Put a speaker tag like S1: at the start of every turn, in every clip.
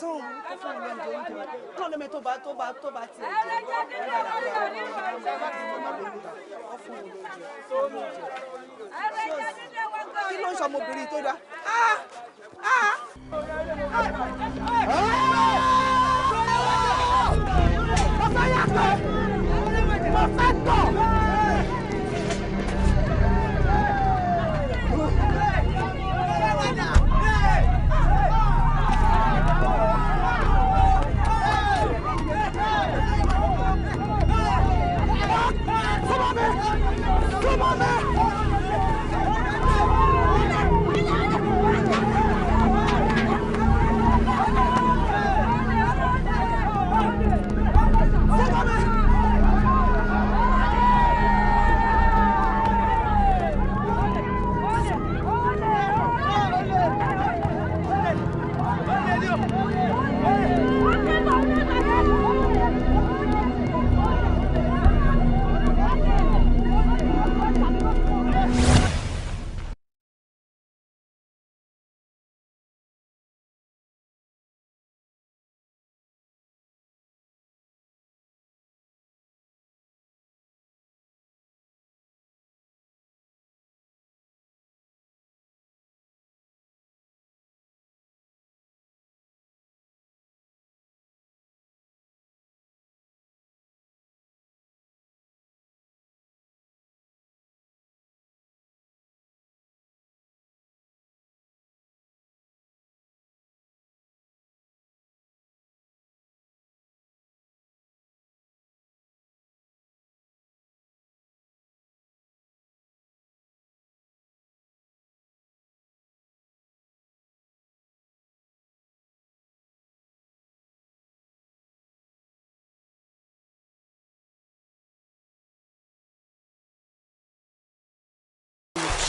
S1: sóhun tó fún mi lóúnjẹ oúnjẹ náà lómi tó bá tó bá tó bá tiẹ̀
S2: jẹ́
S1: kí ló ń sọ ọmọbìnrin tó dá.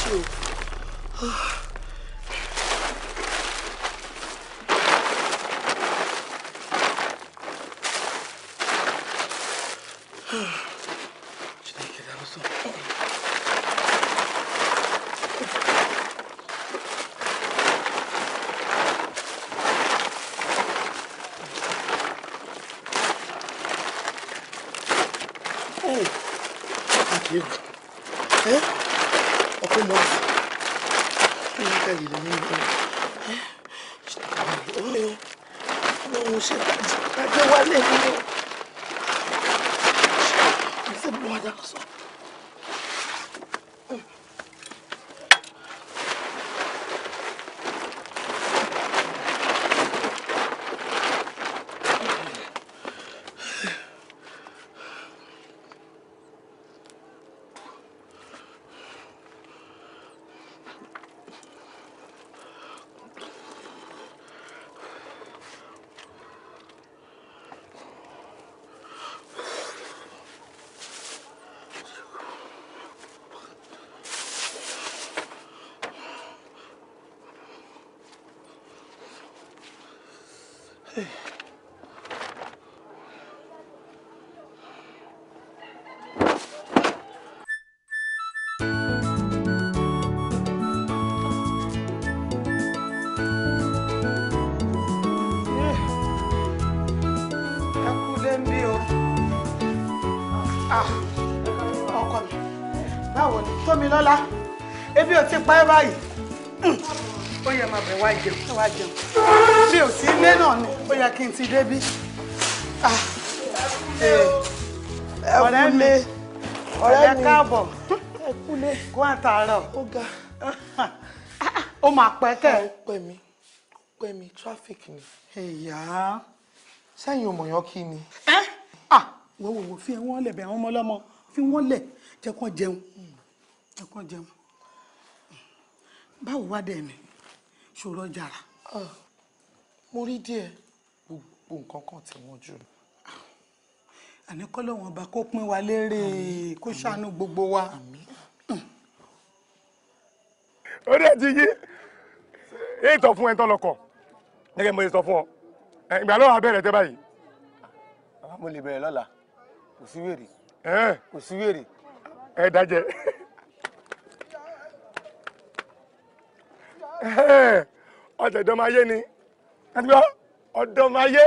S2: 아이고. 아.
S1: mi lọ́la ebi ò ti pa ẹ́ báyìí ó yẹ máa bẹ̀ wá jẹun wá jẹun mi ò sí ilé náà ni ó yẹ kí n ti débí. Ah.
S2: ọ̀rẹ́ mi ọ̀rẹ́ káàbọ̀
S1: kó àtàárọ̀ ó ga ó máa pẹ́ kẹ́ ẹ̀. ó pẹ́ mi ó pẹ́ mi traffic ni. ẹ̀yà sẹ́yìn òmòyàn kí ni. Ah. wo fi ẹ̀ wọ́n lẹ̀ bẹ̀ àwọn ọmọ ọlọ́mọ fi wọ́n lẹ̀ jẹ́ kó jẹun kọ́ jẹun báwo wá dẹ̀ mi ṣòro jàrà. Ah, mo rí díẹ̀ gbogbo nǹkan kan tí wọ́n jù. Ah, àní kọ́lọ́wọ́n ọba kó pín wa lérè kó ṣàánú gbogbo
S3: wa. ó dẹ̀ ti yí èyí tọ́ fún ẹ tọ́ lọ́kọ̀ gẹ́gẹ́ mo ṣe sọ fún ọ ìgbà lọ́wọ́ abẹ́rẹ́ tẹ́ báyìí. mo lè bẹ̀rẹ̀ lọ́la kò sí wèrè kò sí wèrè. ẹ dájẹ́. ọ̀tẹ̀ ìdánmáyé ni àti pé ọ̀dọ́máyé.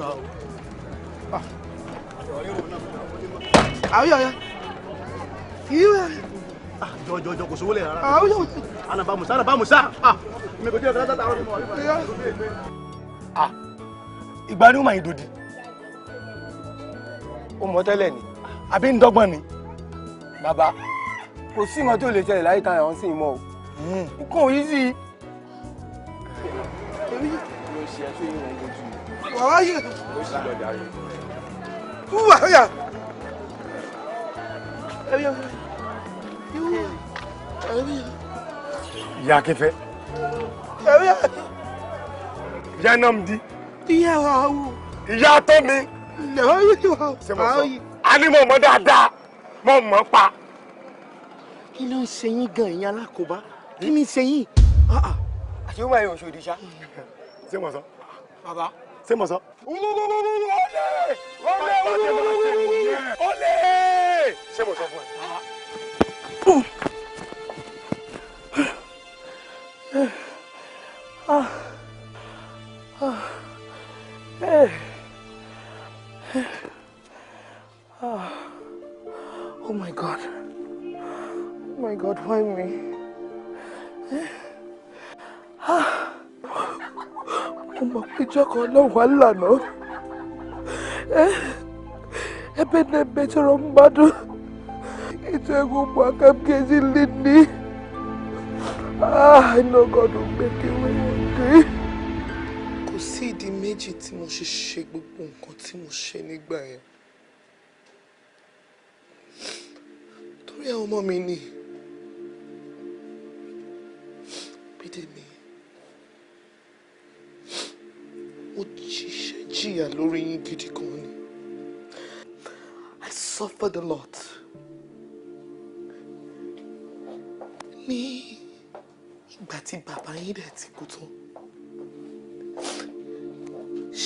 S3: Go. Ah
S1: àwíyọ ya ìyíwọ ya. jọjọ jọ kò sówó lẹ rárá. àwíyọ wò ti. anaba musa anaba musa. Ah, mi kò tí ì ọ̀sán tàtà ọ̀rọ̀ mọ̀. ìgbà ni ó máa ń dòdì ó mọ tẹ́lẹ̀ ni àbí ń dọ́gbọ́n ni. bàbá kò sí ìmọ̀ tí ò lè ṣẹlẹ̀ láyé táyà wọn sì ń o. Hmm. nǹkan ò sí i. wàá yẹ wúwà ọ̀yà. ìyá akẹfẹ. ìyá Nnamdi. ìyá àwọ. ìyá tọ́mi. ṣé mo sọ
S3: a ní mo mọ dáadáa mo mọ pa.
S1: kí ló ń ṣe yín gan ìyá alákòóbá kí ni ah. yín. Ah.
S3: àti ó máa yọ oṣù òdìṣà. ṣé mo sọ. bàbá. ṣé mo sọ.
S2: olè olè
S1: Oh my God. Oh my God, why me? Ah. mo mọ̀ pé ìjọkọ̀ ọlọ́run wà lànà ebe na-eme chọrọ mmadụ ịtụ egwu ụmụaka m ga-eji nlinni inọgọdụ mmekewe nwoke kò sí ìdí méjì tí mo ṣe ṣe gbogbo nǹkan tí mo ṣe nígbà yẹn torí àwọn ọmọ mi ni Bídèmí ó jíṣẹ́ jìyà lórí yín gidi gan ni I suffered a lot ní ìgbà tí bàbá yín dẹ̀ ti kú tán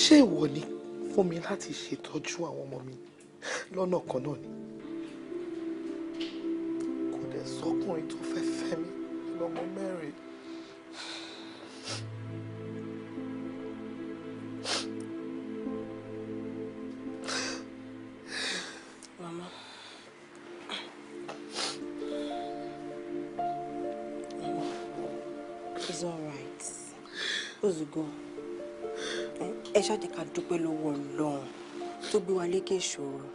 S1: ṣé ìwọ ni fún mi láti ṣètọ́jú àwọn ọmọ mi lọ́nà kan náà ni kò dẹ̀ sọ́kùnrin tó
S2: fẹ́ fẹ́
S3: mi lọ́mọ mẹ́rin.
S1: gan ẹ ṣáàjẹ́ ká dúpẹ́ lọ́wọ́ Ọlọ́run tó gbé wa lékè ìṣòro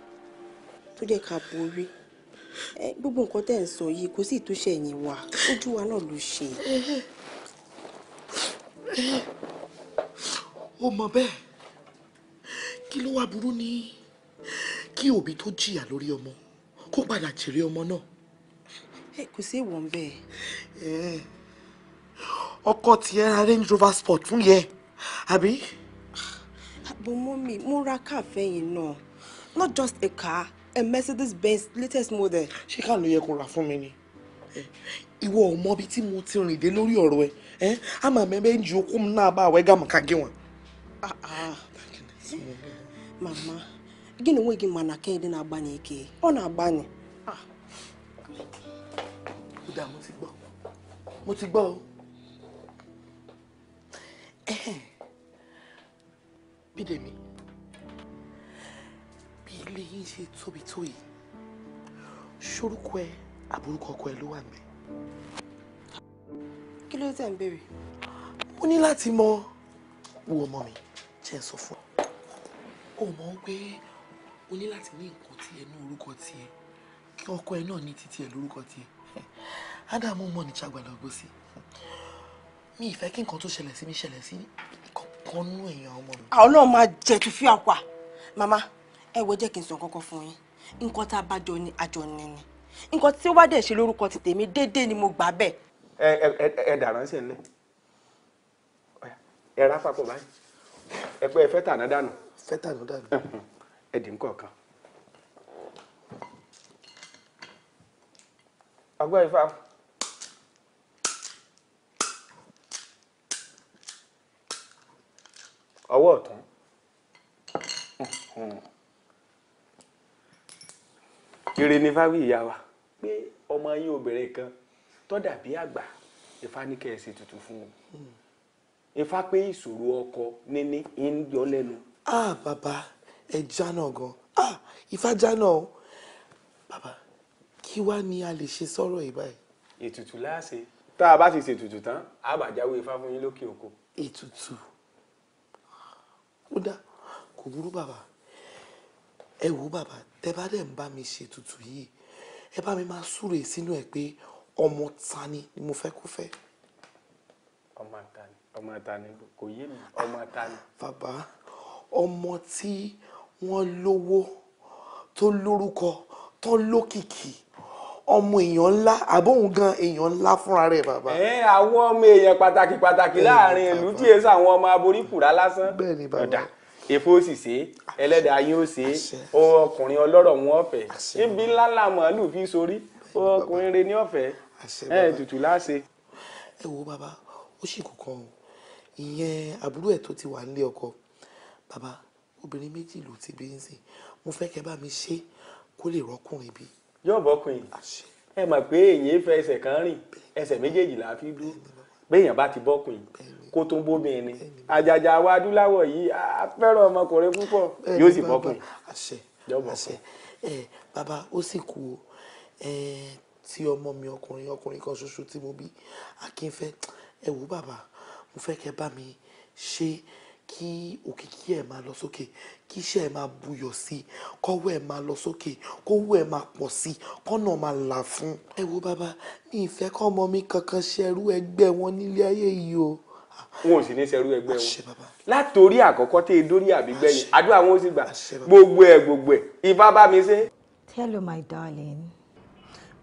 S1: tó jẹ́ ká borí gbogbo nǹkan tẹ́ ń sọ yìí kò sì túṣe ẹ̀yìn wa ojú wa náà ló ṣe. ó mọ bẹ́ẹ̀ kí ló wá burú ní kí òbí tó jìyà lórí ọmọ kó padà jèrè ọmọ náà. kò sí èèwọ̀ bẹ́ẹ̀ ọkọ tiẹ̀ ra range rover sport fún yẹ àbí. but mọ́mí mo ra car fẹ́yìn náà not just a car a mercedes benz latest model. ṣé ká ló yẹ kó ra fún mi ni ìwọ ò mọ ibi tí mo ti rìn dé lórí ọ̀rọ̀ ẹ a máa mẹ́mẹ́ ń ju okú mi náà bá àwẹ́ gàmù ká gé wọn. Ah, ah. mama gịnị nwe gị ma na kede na-agbanye ike ọ na-agbanye. Ah. mo ti gbọ́ mo ti gbọ́ o. Bídèmí bí ilé yín ṣe tóbi tó yìí ṣorúkọ ẹ àbúrúkọ ọkọ ẹ ló wà ńbẹ̀. kí ló tẹ̀ ń béèrè. mo ní láti mọ wo ọmọ mi jẹ́ ẹ sọ fún ọ. o mọ̀ pé o ní láti ní nǹkan tiẹ̀ ní orúkọ tiẹ̀ kí ọkọ ẹ náà ní títí ẹ lórúkọ tiẹ̀. ádámù mọ̀ ní ṣàgbàlagbó sí i mi ì fẹ́ kí nǹkan tó ṣẹlẹ̀ sí mi ṣẹlẹ̀ sí kankan nú èèyàn ọmọ mi. àwọn náà máa jẹ tu fí àwa màmá ẹ wo jẹ́ kí n sọ kankan fún yín nǹkan tá a bá jọ ní àjọ ní ni nǹkan tí ó wá dẹ̀ ṣe lórúkọ ti tèmi déédéé ni mo gbà bẹ́ẹ̀. ẹ ẹ ẹ dàrán sí ilé ẹ rà papọ̀ báyìí ẹ pé ẹ fẹ́ tàná dànù. fẹ́ tàná dànù. ẹ dì ń kọ̀ọ̀kan. ọgbọ́n ifá. ọwọ́ ọ̀tún ire ni fáwí ìyá wa
S3: pé ọmọ yín obìnrin kan tó
S1: dàbí àgbà Ifá ní kẹ́ ẹ fún un Ifá pé ìṣòro ọkọ níní ń yọ lẹ́nu. ah bàbá ẹ jánà gan ah Ifá jánà o bàbá kí wá ni a lè ṣe sọ́rọ̀ yìí báyìí. ètùtù láàṣẹ tá a bá ti ṣètùtù tán a bá jáwé fún yín lókè òkun. ètùtù. E ó dá kò burú bàbá ẹ wò bàbá tẹ bá dẹ̀ ń bá mi ṣe tutù yìí ẹ bá mi máa súre sínú ẹ pé ọmọ ta ni mo fẹ́ kó fẹ́.
S4: ọmọ ta ọmọ ta kò yé mi ọmọ ta bàbá
S1: ọmọ tí wọ́n lówó tó lórúkọ tó lókìkí ọmọ èèyàn ńlá àbóhùn gan èèyàn ńlá fúnra rẹ̀ bàbá.
S3: ẹ àwọn ọmọ èèyàn pàtàkì pàtàkì láàrin ìlú tí èsì àwọn ọmọ aborí kùrá
S1: lásán. bẹ́ẹ̀ni bàbá èfó sì ṣe ẹlẹ́dàá yín ó ṣe ọkùnrin ọlọ́rọ̀ wọn ọ̀fẹ́ ibi ńlá ńlá màálù fi sórí ọkùnrin rẹ ní ọ̀fẹ́ ẹ tutù láṣẹ. ẹ wo bàbá ó sì kú kan o ìyẹn àbúrò ẹ tó ti wà nílé ọkọ bàbá obìnrin méjì ló ti bí ń sìn mo fẹ́ kẹ́ bá mi ṣe kó lè rọ́kùnrin bíi yóò bọ́kùn ẹ mọ̀ pé èyí fẹ́ ẹsẹ̀ kan rìn ẹsẹ̀ méjèèjì là á fi dú béèyàn bá ti bọ́kùn kó tó ń bómi ẹni àjàjà wa adúláwọ̀ yìí a fẹ́ràn ọmọkùnrin púpọ̀ yóò sì bọ́kùn yóò bọ́kùn. bàbá ó sì kú o tí ọmọ mi ọkùnrin ọkùnrin kan ṣoṣo tí mo bí akínfẹ́ ẹ wò bàbá mo fẹ́ kẹ́ bá mi ṣe é kí òkìkí ẹ̀ máa lọ sókè kí iṣẹ́ ẹ̀ máa buyọ̀ sí i kọ́wọ́ ẹ̀ máa lọ sókè kówó ẹ̀ máa pọ̀ sí i kọ́nà máa là fún. ẹ wo bàbá mi ìfẹ́ kọ́ ọmọ mi kankan ṣerú ẹgbẹ́ wọn nílé ayé yìí o.
S3: wọn ò sì ní ṣerú ẹgbẹ́ wọn
S1: látòrí àkọ́kọ́ tẹ́ ẹ dórí àbígbẹ́yìn àdúrà wọn ó sì gbà gbogbo ẹ̀ gbogbo ẹ̀ ìfá bá mi ṣe. hello my darling.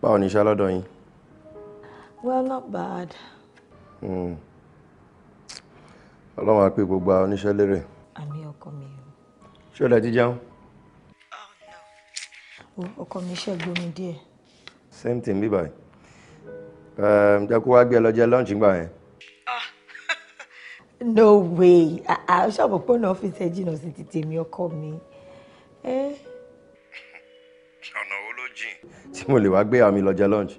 S5: báwo ni iṣẹ́ lọ́dọ̀ yín.
S1: well not bad.
S5: Mm ọlọ́run á pé gbogbo oníṣẹ́ lérè.
S1: àmì ọkọ mi o.
S5: ṣé o lè ti jẹun.
S1: Oh, ọkọ mi iṣẹ́ gbomi díẹ̀.
S5: same thing bí báyìí jẹ́ kó wá gbé ẹ lọ jẹ gbà yẹn.
S1: no way ṣàbọ̀ pé ọ̀nà ọ́fíìsì ẹ̀ jìnnà sí ti tèmi ọkọ mi. Eh?
S2: ọ̀nà wo ló jìn
S5: tí mo lè wá gbé àmì lọ jẹ lunch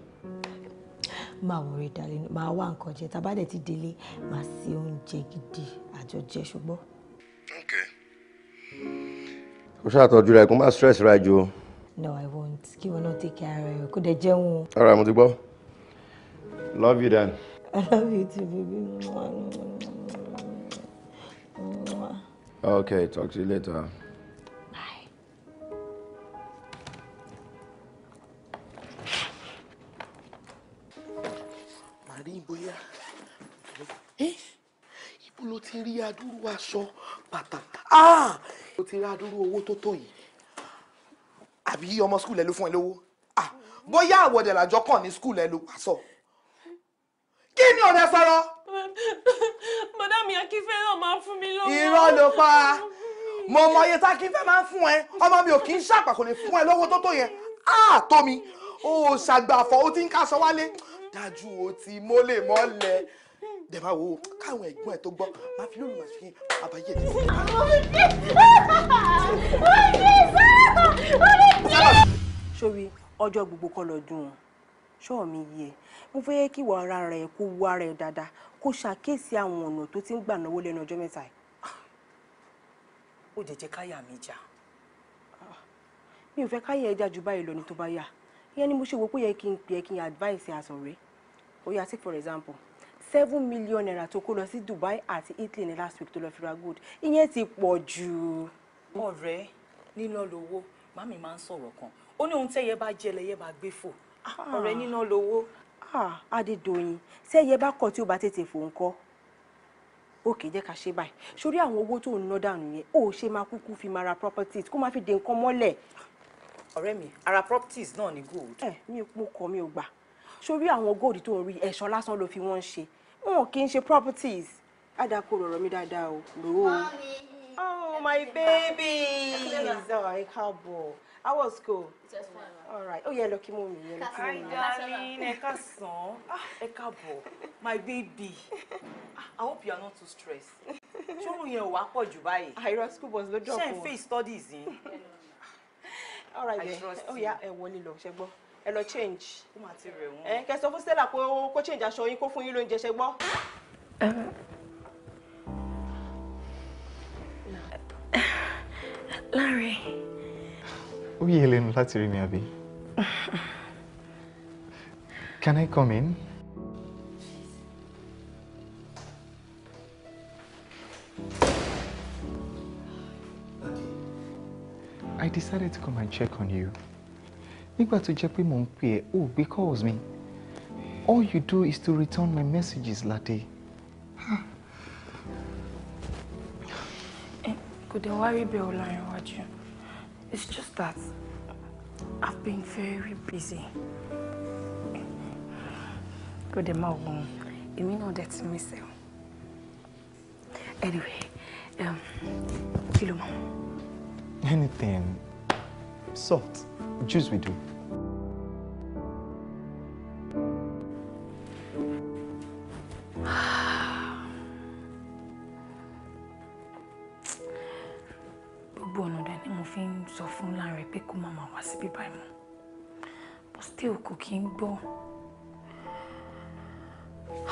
S1: máa wọ̀rẹ́ dalẹ̀ máa wá nǹkan jẹ tá a bá dẹ̀ ti délé máa ṣe oúnjẹ gidi àjọjẹ ṣùgbọ́n. okay.
S5: o ṣàtọ̀jú rẹ̀ kó má stress ra jù
S1: no i won't kí wọn náà take care ara rẹ kó dẹ̀ jẹun.
S5: ara mo ti gbọ́ love you dan.
S1: i love you too baby.
S5: okay talk to you later.
S1: ló ti rí adúrú aṣọ bàtà ló ti rí adúrú owó tó tó yìí àbí ọmọ skul ẹ ló fún ẹ lówó bóyá àwọ̀dẹ̀ làjọ kàn ní skul ẹ ló wà sọ kí ni ọ̀rẹ́ sọ̀rọ̀.
S6: mọ̀dàmí akínfẹ́ náà máa fún mi lówó. irọ́ ló pa
S1: mo mọ iye tá akínfẹ́ máa ń fún ẹ ọmọ mi ò kì í ṣàpà lè fún ẹ lówó tó tó yẹn á tó mi ó ṣàgbàfọ̀ ó ti ń kásọ wálé dájú ó ti mólè mọ́lẹ̀ dẹ̀ máa wò ó káwọn ẹ̀gbọ́n ẹ̀ tó gbọ́ máa fi lóòlù máa fi
S2: àbáyé ẹ̀ tẹ́lẹ̀.
S1: sórí ọjọ́ gbogbo kọ́ lọ́dún o ṣọ́ọ̀ mi yé e mo fẹ́ kí ìwà ara rẹ̀ kó wú ara ẹ̀ dáadáa kó ṣàkíyèsí àwọn ọ̀nà tó ti ń gbà náwó lẹ́nu ọjọ́ mẹ́ta yìí. mi jà. mi ò fẹ́ káyà ẹ ju báyìí lọ ní tó bá yà ìyẹn ni mo ṣe wò pé ó yẹ n pè é advice ẹ Oya, ó for example seven million naira to kó lọ sí Dubai àti Italy ní last week tó lọ fi ra gold ìyẹn ti pọ̀ jù. ọ̀rẹ́ níná lówó màmí máa ń sọ̀rọ̀ kan ó ní ohun tẹ́yẹ bá jẹ lẹ́yẹ bá gbé fò ah. ọ̀rẹ́ níná lówó. Ah, Adédoyin sẹ́yẹ bá kọ̀ tí ó bá tètè fò ń kọ́ òkè jẹ́ ká ṣe báyìí sórí àwọn owó tó ń ná dànù yẹn ó ṣe máa kúkú fi máa ra properties kó má fi de nǹkan mọ́lẹ̀. ọ̀rẹ́ mi ara properties náà ni gold. ẹ eh, mi mo kọ mi ò gbà sórí àwọn gold tó ń rí ẹ̀ṣọ́ lásán ló fi wọ́n ṣe wọn kì í ṣe properties àdàkọ ọ̀rọ̀ mi dáadáa o lówó o. oh my baby ìzọ ìkàbọ̀ how was school. all right Oh yẹ lọ kí mú mi yẹ lọ kí mú mi. darling ẹ ká sàn ah, ẹ káàbọ̀ my baby ah, i hope you are not too stressed ṣòro yẹn ò wá pọ̀ jù báyìí. àìrọ school bus ló dọ̀kọ̀. ṣé n face studies yín. all right ẹ Oh yá ẹ wọlé lọ ṣẹgbọ́n ẹ lọ change ẹ kẹ sọ fún Stella pé kó change aṣọ yín kó fún yín lóúnjẹ ṣe gbọ́.
S2: Larry.
S4: ó yẹ lẹ́nu láti rí mi àbí. Can I come in? I decided to come and check on you nígbà tó jẹ́ pé mò ń pè ẹ́ ò gbé calls mi all you do is to return my messages Lade.
S6: Eh, kò dé wá rí bẹ́ẹ̀ ọ̀làrin wájú it's just that I've been very busy kò dé
S1: máa wọ̀ èmi náà dẹ̀ ti mí sẹ́wọ̀n anyway
S2: um, kí ló mọ̀.
S4: anything. Salt Juice we do.
S6: gbogbo ọ̀nà dẹ̀ ni mo fi ń sọ fún Lánrẹ pé kó má máa wá but still cooking, kí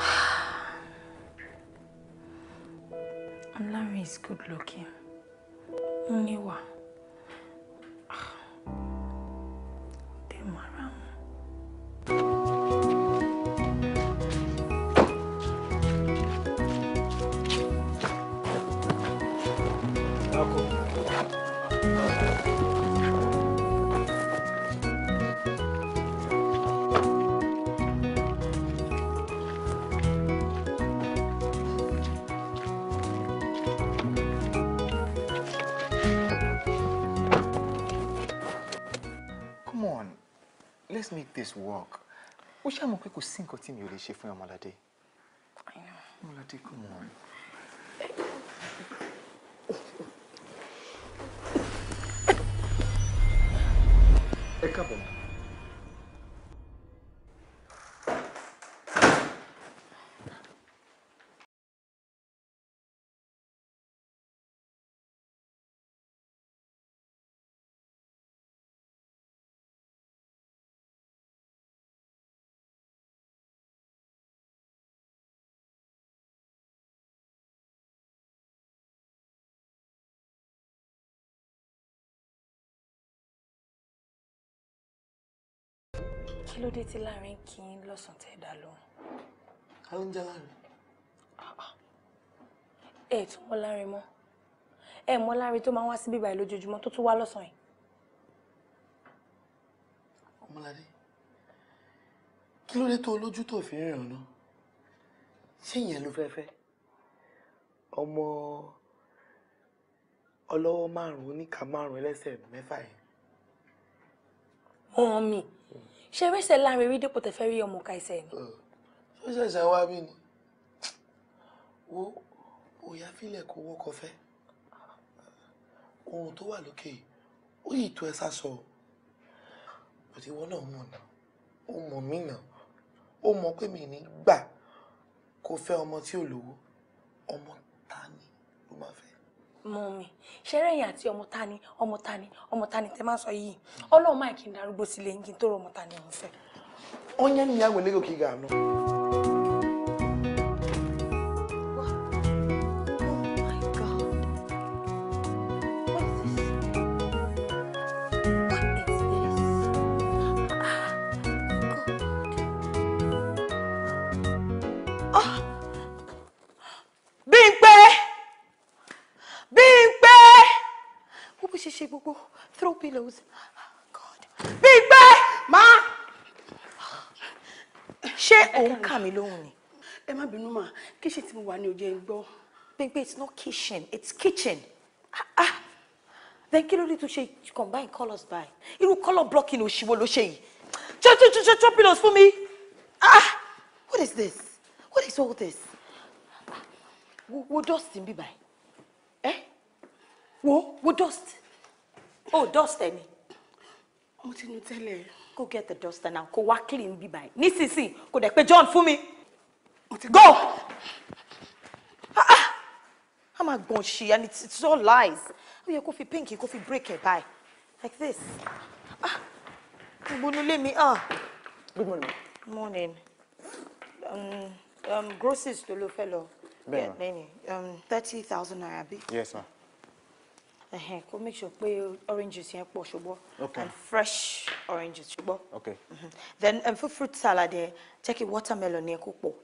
S6: And gbọ́. is good looking ó níwà.
S4: this work. Ó ṣá mọ̀ pé kò sí nǹkan tí mi ò lè ṣe fún Ọmọládé. Ọmọládé kò mọ̀ ọ́n.
S2: Ẹ kí ló dé tí láàrin kí n lọ́sàn tẹ́ dá lóhùn. ká ló ń jẹ́ láàrin. Ah, ah.
S6: ẹ tún mọ̀ láàrin mọ́ ẹ mọ̀ láàrin tó máa ń wá sí bíbá lójoojúmọ́ tó tún wá lọ́sàn yìí.
S1: ọmọládé kí ló dé tó lójú tó fi rìn ọ̀nà ṣé ìyẹn ló fẹ́ fẹ́ ọmọ ọlọ́wọ́ márùn-ún oníkà márùn-ún ẹlẹ́sẹ̀ mẹ́fà yẹn. mọ́ mi ṣe rẹ́sẹ̀ láàrin rí dípò tẹ́fẹ́ rí ọmọ ọ̀ka ẹsẹ̀ ni. ṣé ṣẹ̀ṣẹ̀ wá bí ni wo òyà fílẹ̀ kó wọ́kọ̀ fẹ́ ohun tó wà lókè ó yìí tó ẹ sásọ bòtí wọn náà mọ̀ náà ó mọ̀ mí náà ó mọ̀ pé mi ní gbà kó fẹ́ ọmọ tí ò lówó ọmọ mọ mi ṣẹrẹ yẹn àti ọmọ tani ọmọ tani ọmọ tani tẹ máa sọ yìí Ọlọ́run máa kí n darúgbó sílé onye nna ya nwere ego ka ga-anụ lòun sí. Bímpé má ṣé òun kà mí lóhùn ni. Ẹ má bínú mà kíṣìn tí mo wà ní òjò ẹ̀ ń gbọ́. Bímpé it's not kitchen it's kitchen. Ah, ah. Then kí ló dé tó ṣe combine colours by? Irú colour blocking òṣìwò ló ṣe yìí. Jọ jọ jọ jọ jọ pillows fún mi. Ah! What is this? What is all this? Ah, wo wo dust ń bí báyìí? Ẹ́ eh? wo wo dust oh duster ni. mo ti nu tẹ́lẹ̀. go get the duster now kó wá clean bí báyìí nísinsìnyí kò dẹ̀ pé John fún mi. mo ti go. Ah, ah. a máa gbọ̀n and it's, it's all lies ó yẹ kó fi pink kó fi break it báyìí like this. Ah. gbogbo nílé mi. good morning. morning. Um, um, groceries tó ló fẹ́ lọ. bẹ́ẹ̀ ni um, thirty thousand naira bí. yes ma'am ẹhẹn kó make sure pé orange juice yẹn pọ̀ ṣùgbọ́n and fresh orange okay. mm -hmm. then um, fún fruit salad yẹn jẹ́ kí watermelon yẹn kó pọ̀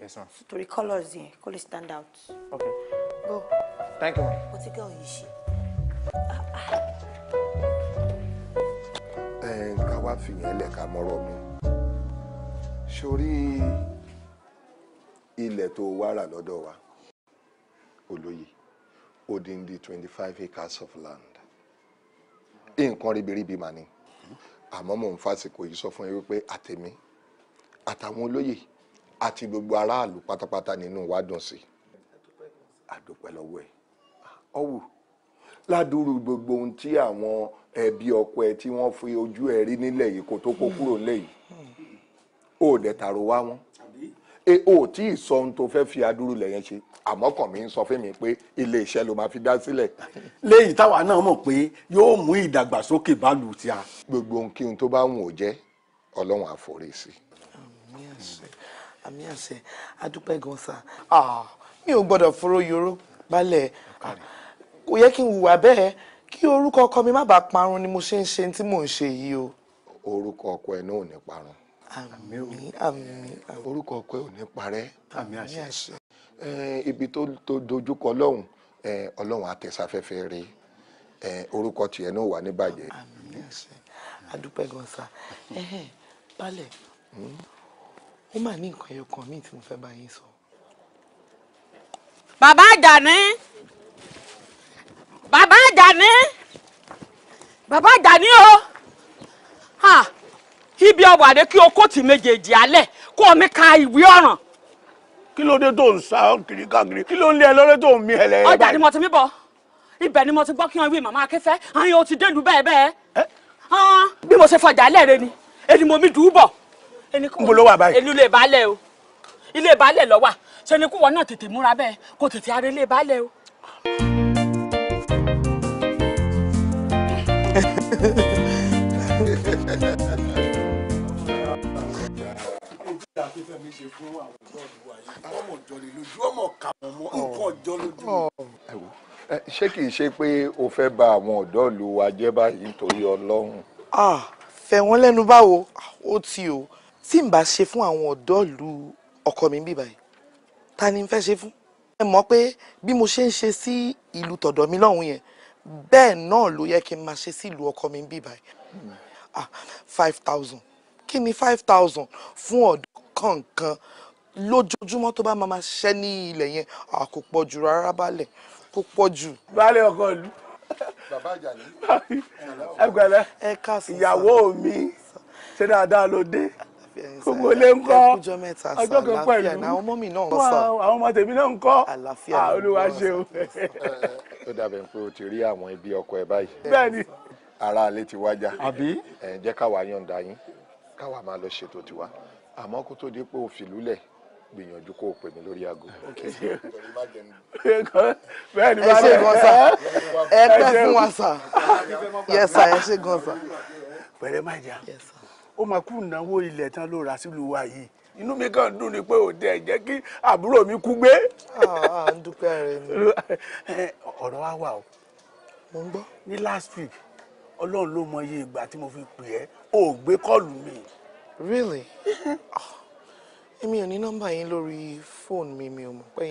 S1: yes ma'am torí colours yẹn kó lè stand out. okay go. thank you ma'am. mo ti gẹ́ òyìn
S2: ṣe.
S3: ẹ ká wá fìyẹn lẹ̀ ká mọ́rọ̀ mi odindi the 25 acres of land nǹkan ribiribi mà ni àmọ́ mò ń fàsìkò yìí sọ fún yín wípé àtẹ̀mí àtàwọn olóyè àti gbogbo aráàlú pátápátá nínú wa dùn sí àdúpẹ́ lọ́wọ́ ẹ̀ ọ̀wù ládùúrú gbogbo ohun tí àwọn ẹbí ọkọ ẹ tí wọ́n fi ojú ẹ rí nílẹ̀ yìí kó tó kó kúrò nílẹ̀ yìí ó dẹ̀ tàrò wá wọn e ò tí ì sọ ohun tó fẹ́ fi adúrú lẹ̀ yẹn ṣe àmọ́ kàn mí ń sọ fún mi pé ilé iṣẹ́ ló máa fi dá sílẹ̀. léyìí táwa náà mọ̀ pé yóò mú ìdàgbàsókè bá lù tí a. gbogbo ohunkíhun tó bá wùn ó jẹ́ ọlọ́run àforí sí. àmì àṣẹ
S1: àmì àṣẹ adúpẹ́ gan sa mi ò gbọ́dọ̀ foro yoro balẹ̀ kò yẹ kí n hùwà bẹ́ẹ̀ kí orúkọ ọkọ mi má bàa parun ni mo ṣe ń ṣe tí mò ń
S3: ṣe yìí o. orúkọ ọkọ ẹ náà ò ní parun
S4: àmín àmín orúkọ ọpẹ́ ò
S3: ní parẹ́ àmín àṣẹ ibi tó dojúkọ ọlọ́run ọlọ́run àtẹ̀sáfẹ́fẹ́ rẹ̀ orúkọ tiẹ̀ náà wà ní bàjẹ́. àmín àṣẹ adúpẹ́ gan sa
S1: balẹ̀ hmm? ó mà ní nǹkan ẹyọ kan míì tí mo fẹ́ bá yín sọ.
S6: bàbá àjàní
S1: bàbá àjàní bàbá àjàní o. Huh ibi ọ̀wàdé kí o kó tì méjèèjì alẹ̀ kó o mi ka ìwé ọ̀ràn. kí ló dé tó ń sá kiri káàkiri kí ló ń lé ẹ lọ́rẹ́ tó ń mí ẹ ọjà ni mo ti mí bọ ibẹ̀ ni mo ti gbọ́ kí wọn wí màmá akẹ́fẹ́ àyàn o ti délùú bẹ́ẹ̀ bẹ́ẹ̀ bí mo ṣe fọjà alẹ́ ni ẹni mo mi dùú bọ̀. níbo ló wà báyìí. ilé baálẹ̀ o ilé baálẹ̀ ló ṣe ni kúwọ náà tètè múra bẹ́ẹ̀ kó tètè ara ilé o.
S3: ṣe fún àwọn ọ̀dọ́ ìlú ayé ọmọ ọjọ́ ni lójú ọmọ kà mọ́ mọ́ nǹkan ọjọ́ lójú. ṣé kìí ṣe pé o fẹ́ bà àwọn ọ̀dọ́ ìlú wa jẹ́ báyìí nítorí ọlọ́run.
S1: fẹ̀ wọ́n lẹ́nu báwo ó ti o tí n bá ṣe fún àwọn ọ̀dọ́ ìlú ọkọ mi bíbá yìí ta ni n fẹ́ ṣe fún. ẹ mọ̀ pé bí mo ṣe ń ṣe sí ìlú tọ̀dọ̀ mi lọ́hùn yẹn bẹ́ẹ̀ náà ló yẹ kí n máa ṣe sí ọkọ mi bíbá
S2: yìí.
S1: five thousand kí ni five thousand fún ọ̀dọ́ kọ̀ọ̀kan lójoojúmọ́ tó bá máa ma ṣiṣẹ́ ní ilẹ̀ yẹn à kò pọ̀ jù rárá balẹ̀ kò pọ̀ jù. balẹ̀ ọkọ ìlú. bàbá àjàlí. ẹ gbẹlẹ ìyàwó mi ṣe dáadáa ló dé gbogbo ilé ń kọ́ ọjọ́ kan pẹ̀lú àwọn ọmọ mi náà ń sọ àwọn ọmọ
S3: tèmi náà ń kọ́ ah, olúwa ṣe o. ó dàbẹ̀ pé o ti rí àwọn ẹbí ọkọ ẹ báyìí. bẹ́ẹ̀ni. ara alẹ́ ti wájà. àbí. ẹ àmọ́ kó tó di pé o fìlú lẹ̀ gbìyànjú kó o pè mí lórí aago. bẹ́ẹ̀ ni bá dé ẹ ṣe gan sa ẹ pẹ́ fún wa sa yes sir ẹ ṣe gan sa.
S1: pẹ̀lẹ́ máa jà ó máa kú ìnáwó ilẹ̀ tán ló ra sílùú wa yìí
S3: inú mi kàn dùn ni pé ò tẹ̀ jẹ́ kí
S1: àbúrò mi kú gbé. Ah, à ń dúpẹ́ rẹ ni. ọ̀rọ̀ wa wà o. mo ń gbọ́. ní last week ọlọ́run ló mọ iye ìgbà tí mo fi pè ẹ́ o
S3: ò gbé kọ́ọ̀lù mi.
S1: really emi o
S3: ni nọ́mbà yi lori fóònù mi mi o mọ̀ pé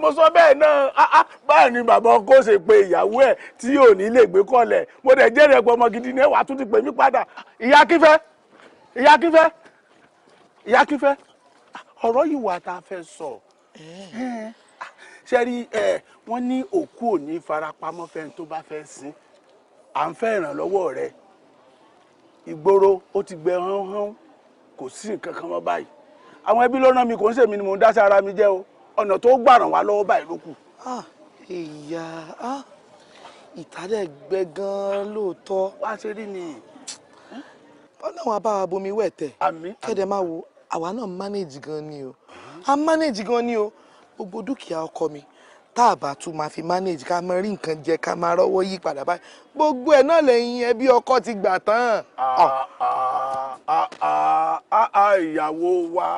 S3: mo sọ bẹ́ẹ̀ náà ah, ah, báyìí ni bàbá ọkọ ṣe pe ìyàwó ẹ̀ tí ò ní lè mo dẹ̀ jẹ́rìí ọmọ gidi ní ẹ̀wà tún ti padà ìyá ìyá ìyá ah, ọ̀rọ̀ sọ wọ́n ní òkú tó bá fẹ́ sin à ìgboro ó ti gbẹ hánhán kò sí nǹkan kan mọ́ báyìí àwọn ẹbí ló rán mi kò ń ṣèmi ni mò ń dá sí ara mi jẹ́ o ọ̀nà tó gbà ràn wá lọ́wọ́ báyìí ló kù.
S1: Ah, ìyá ah, ìtàlẹ̀ gbẹ gan-an lóòótọ́. wá ṣe rí ni. wọ́n náà bá wa bomi wẹ̀ tẹ̀. àmín. kẹ́dẹ̀ máa wo àwa náà manage gan ni o a manage gan ni o gbogbo dúkìá ọkọ mi tá a bá tún máa fi manage ká máa rí nǹkan jẹ ká máa rọ́wọ́ yí padà báyìí gbogbo ẹ̀ náà lẹ́yìn ẹbí ọkọ ti gbà
S3: tán. ìyàwó wa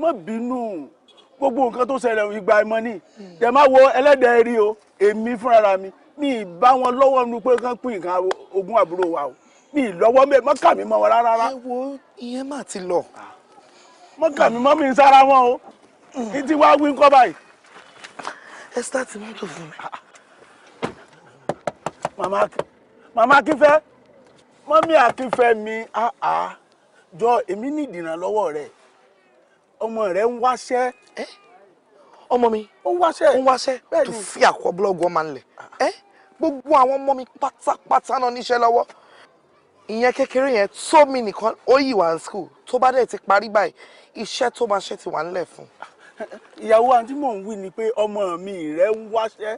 S3: má bínú gbogbo nǹkan tó ṣẹlẹ̀ ìgbà ẹ̀mọ́ ni hmm. tẹ̀ máa wo ẹlẹ́dẹ̀ẹ́ rí o
S1: èmi fúnra mi mi ì bá wọn lọ́wọ́ nu pé kán pín nǹkan ogún àbúrò wa o mi ì lọ́wọ́ mẹ́ mọ́kà mi mọ́ wọn rárá. ẹ wo ìyẹn mà ti lọ. mọ́kà mi mọ́ mi ń sára wọn o hmm. ní ti wá wí ń kọ́ báyìí ẹ start mọ́tò fún mi.
S3: màmá màmá akínfẹ́ mọ́mí akínfẹ́ mi ah, ah. jọ èmi ní ìdìnnà lọ́wọ́ rẹ̀
S1: ọmọ rẹ̀ ń wáṣẹ́. ọmọ mi ó ń wáṣẹ́ ń wáṣẹ́ tó fi àkọ́ búlọ́ọ̀gù ọmọ nílẹ̀ gbogbo àwọn ọmọ mi pátápátá náà níṣẹ́ lọ́wọ́ ìyẹn kékeré yẹn tó mi nìkan ó yìí wá ní school tó bá dẹ̀ ti parí báyìí iṣẹ́ tó máa ṣe ti wà nílẹ̀ fún un ìyàwó àǹtí mò ń wí ni pé ọmọ mi rẹ ń wáṣẹ́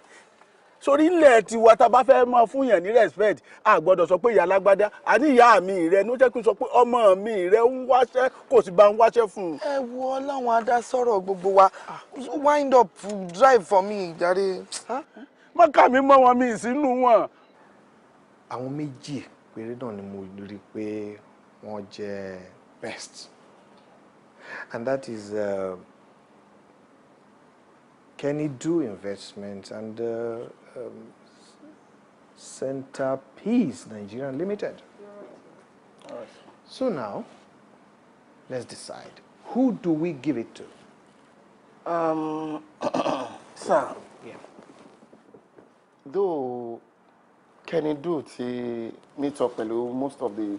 S3: sórí ilẹ̀ tiwa tá bá fẹ́ mọ fún yàn ní respect a sọ pé ìyá alágbádá àní ìyá mi rẹ ní jẹ́ kí n sọ pé ọmọ mi rẹ ń wáṣẹ́ kò sì bá ń wáṣẹ́ fún un. ẹ wo
S1: ọlọ́run adá sọ̀rọ̀ gbogbo wa wind up drive for me jàre.
S3: mọ́kà mi mọ́ wọn mi ìsínú wọn.
S4: àwọn méjì péré náà ni mo rí pé wọ́n jẹ́ best and that is. Uh, can it do investments and uh, um, Centerpiece Nigeria Limited. So now, let's decide. Who do we give it
S3: to? Um,
S4: sir. Yeah.
S3: Though Kenny do He meet up with most of the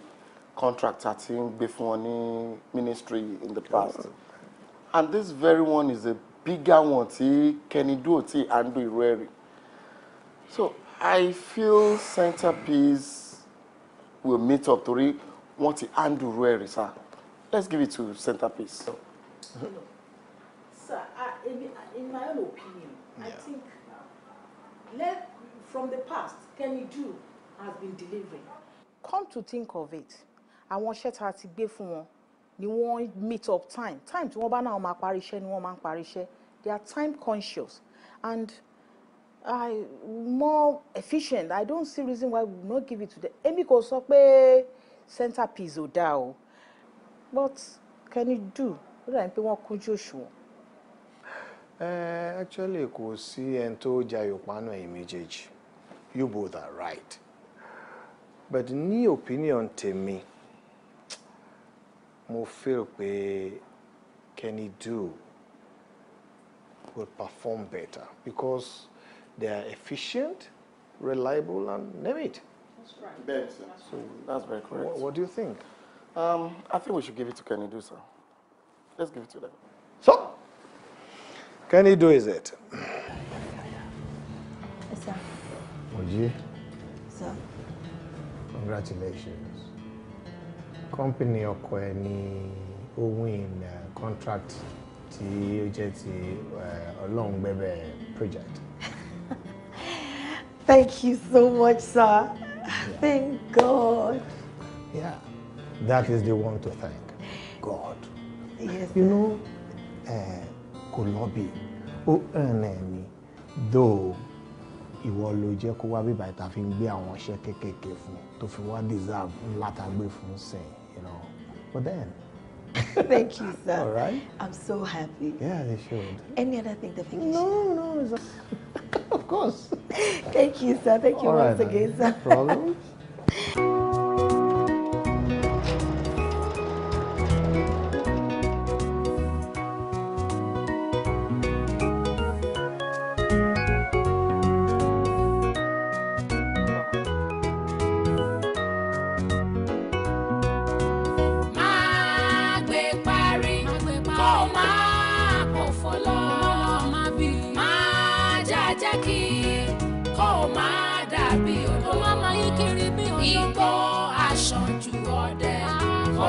S3: contractor team before any ministry in the past. Oh. And this very one is a bigger one tí Kenny Duo ti handle irú ẹ̀ so I feel centerpiece will meet up torí wọ́n ti handle irú ẹ̀ sir let's give it to centerpiece. No.
S1: Sir, in, my own opinion, yeah. I think uh, let, from the past, Kenny Duo has been delivering. Come to think of it, I iṣẹ́ tá a to be for wọn ni wọ́n meet up time time tí wọ́n bá náà máa parí iṣẹ́ ni wọ́n máa ń parí iṣẹ́ they are time conscious and I more efficient I don't see reason why we will not give it to them èmi kò sọ pé centerpiece ò dáa o but can you do ó dàbí pé wọ́n
S2: kúnjú òṣùwọ̀n.
S4: Eh, actually kò sí ẹni tó jayò pánú ẹ̀yin méjèèjì you both are right but ní opinion tèmi. mo feel pé Kenny Do will perform better because they are efficient, reliable, and name it.
S3: That's right. Ben, sir. So
S4: that's very correct. What, what do you think? Um, I think we should give it to Kenny Do, sir. Let's give it to them. So, Kenny Do is it? Yes, sir. Oji. Sir. Congratulations. company ọkọ ẹ ní ohun in contract tí ó jẹ́ ti uh, ọlọ́ngbẹ́bẹ̀ project.
S1: Thank you so much, sir. Thank God.
S2: Yeah,
S4: that is the one to thank. God.
S2: Yes. You know,
S4: eh, kò lọ́bì, ó ẹ̀rìn ẹ̀mí, though ìwọ ló jẹ́ kó wá bíbá ìta fi ń gbé àwọn iṣẹ́ kéékèèké fún tó fi wá deserve ńlá tá a gbé fún sẹ́yìn. you know, for them. Thank you, sir. All right. I'm so happy. Yeah, they should.
S1: Any other thing that they can No, no. A... of course. Thank you, sir. Thank you once again, sir. No problem.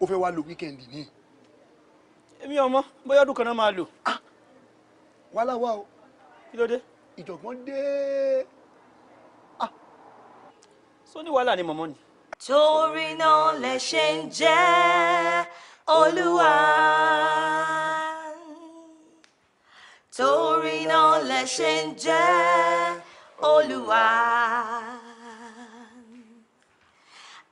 S1: ó fẹ́ wá lo wíkẹ́ndì ní. èmi ọmọ bóyá ọdún kan náà máa lò. wàhálà ah! wà o. kí ló dé. ìjọ̀gbọ́n dé. sọ ah! wàhálà ni mọ̀mọ́ ni. torí náà lẹ ṣe ń jẹ́ olúwa. torí náà lẹ ṣe ń jẹ́ olúwa.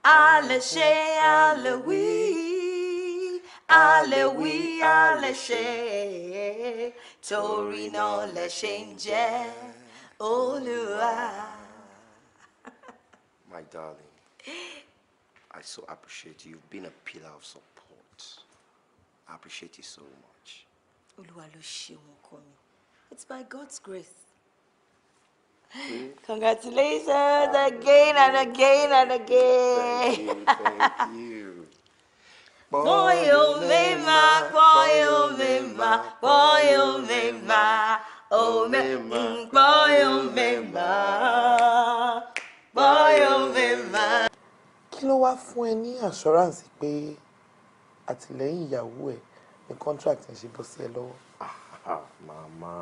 S1: Aleche, alewi, alewi, aleche, torí no lẹ̀ṣẹ̀ ń jẹ́ Olúwa.
S5: My darling, I so appreciate you. You've been a pillar of support. I appreciate you so much.
S1: It's by God's grace Congratulations
S6: again and again and again.
S2: Thank you. thank Boy, oh, mema, boy, oh, mema,
S6: boy,
S1: oh, mema, oh, mema, mm, boy, oh, mema,
S2: boy, oh, mema.
S1: Kí ló wá fún ẹ ní assurance pé àtìlẹ́yìn ìyàwó ẹ ní contract ẹ̀ ṣe bọ́ sí ẹ lọ́wọ́? Ah,
S5: ah, màmá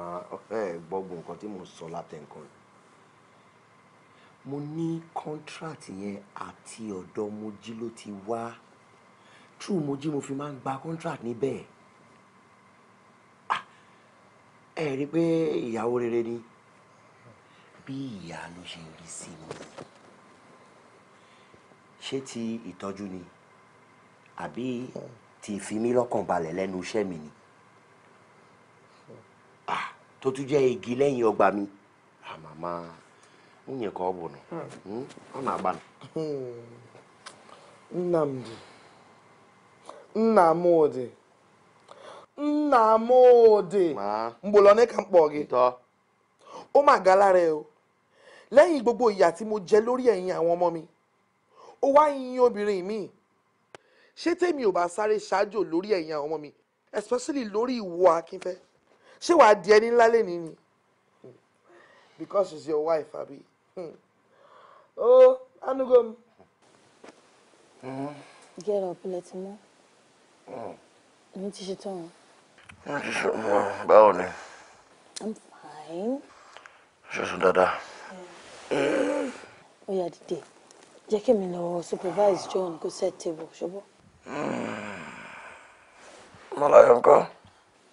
S5: ẹ gbọ́gbọ́n nǹkan tí mo sọ látẹ̀ nǹkan yìí mo ní contract yẹn àti ọ̀dọ̀ Mojí ló ti wá true Mojí mo fi máa ń gba contract níbẹ̀ ah, ẹ rí i pé ìyàwó rere ni bí ìyá ló ṣe rí sí mi ṣé ti ìtọ́jú ni àbí ti ìfimí lọ́kàn balẹ̀ lẹ́nu iṣẹ́ mi ni ah, tó tún jẹ́ igi lẹ́yìn ọgbà mi àmàmà. Ah, nwunye ka
S4: ọ bụ hmm. Hmm? ọ na-agba hmm. Nnamdi Nnamdi Nnamdi
S1: mgbòlò ní ká ń pọ̀ gé ó mà ga lára ẹ o lẹ́yìn gbogbo ìyà tí mo jẹ lórí ẹ̀yìn àwọn ọmọ mi ó wá yin obìnrin mi ṣé tèmi ò bá sáré ṣáájò lórí ẹ̀yìn àwọn ọmọ mi especially lórí ìwọ Akínfẹ́ ṣé wàá di ẹni ńlá lẹ́ni ni because she's your wife abi. Hmm. Oh, anugo m. Mm-hmm. Get up,
S6: let me. Èmi ti ṣe tán.
S2: Mo ti ṣe mọ
S6: I'm fine.
S5: Ṣé sùn dáadáa?
S1: Ó yá dìde. Jẹ́ kí mi supervise John go set table ṣọ́bọ̀.
S4: Hmm. Mọ́láyọ̀ ńkọ́?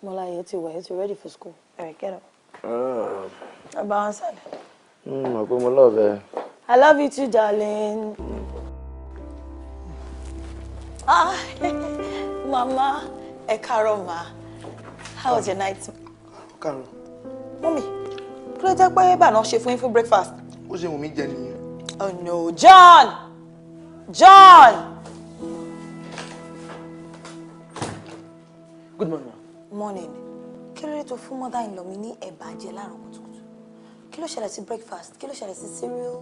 S1: Mọ́láyọ̀ ti wẹ̀, ó ready for school. All right, get up.
S4: Ẹ
S1: hmm. bá wọn
S4: Hmm, mọ̀ pé mo love ẹ.
S1: I love you too darling. Ah, mama ẹ káàárọ̀ how was your night. Karo. mummy kí ló jẹ́ pé ẹ̀bà náà ṣe fún yín breakfast. ó your wù mí oh no John John. good morning. morning Can ló dé tó fún mother in law mi ní ẹ̀bà jẹ kí ló ṣẹlẹ̀ sí breakfast kí ló ṣẹlẹ̀ sí cereal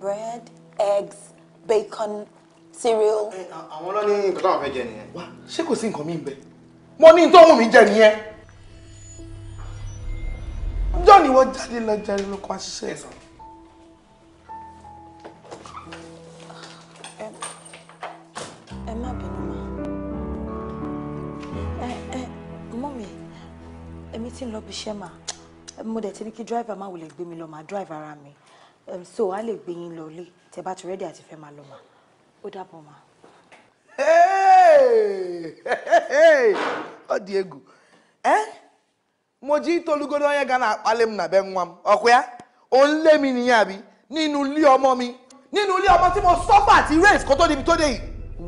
S1: bread eggs bacon cereal. àwọn ọlọ́ni nǹkan táwọn fẹ́ jẹ nìyẹn. wá ṣé kò sí nǹkan mi bẹ mo ní tó wù mí jẹ nìyẹn. ọjọ́ ni wọ́n jáde lọ jáde lọ kó àṣìṣe ẹ̀sán. ẹ má bínú ti ń lọ bí iṣẹ́ mà. mo dẹ̀ ti ní kí driver má wulẹ̀ gbé mi lọ ma drive ara mi so a lè gbé yín lọ lé tẹ bá ti rẹ́dí àti fẹ́ máa lọ mà ó dàbọ̀ mà. ọ dị egwu moji itolugodo onye ga na-akpali m na be nwa m ọkwa ya nle mi ni ya bi nínú ilé ọmọ mi n'inu ile ọmọ tí mo sọ́fà àti race kó tó débi tó dé yìí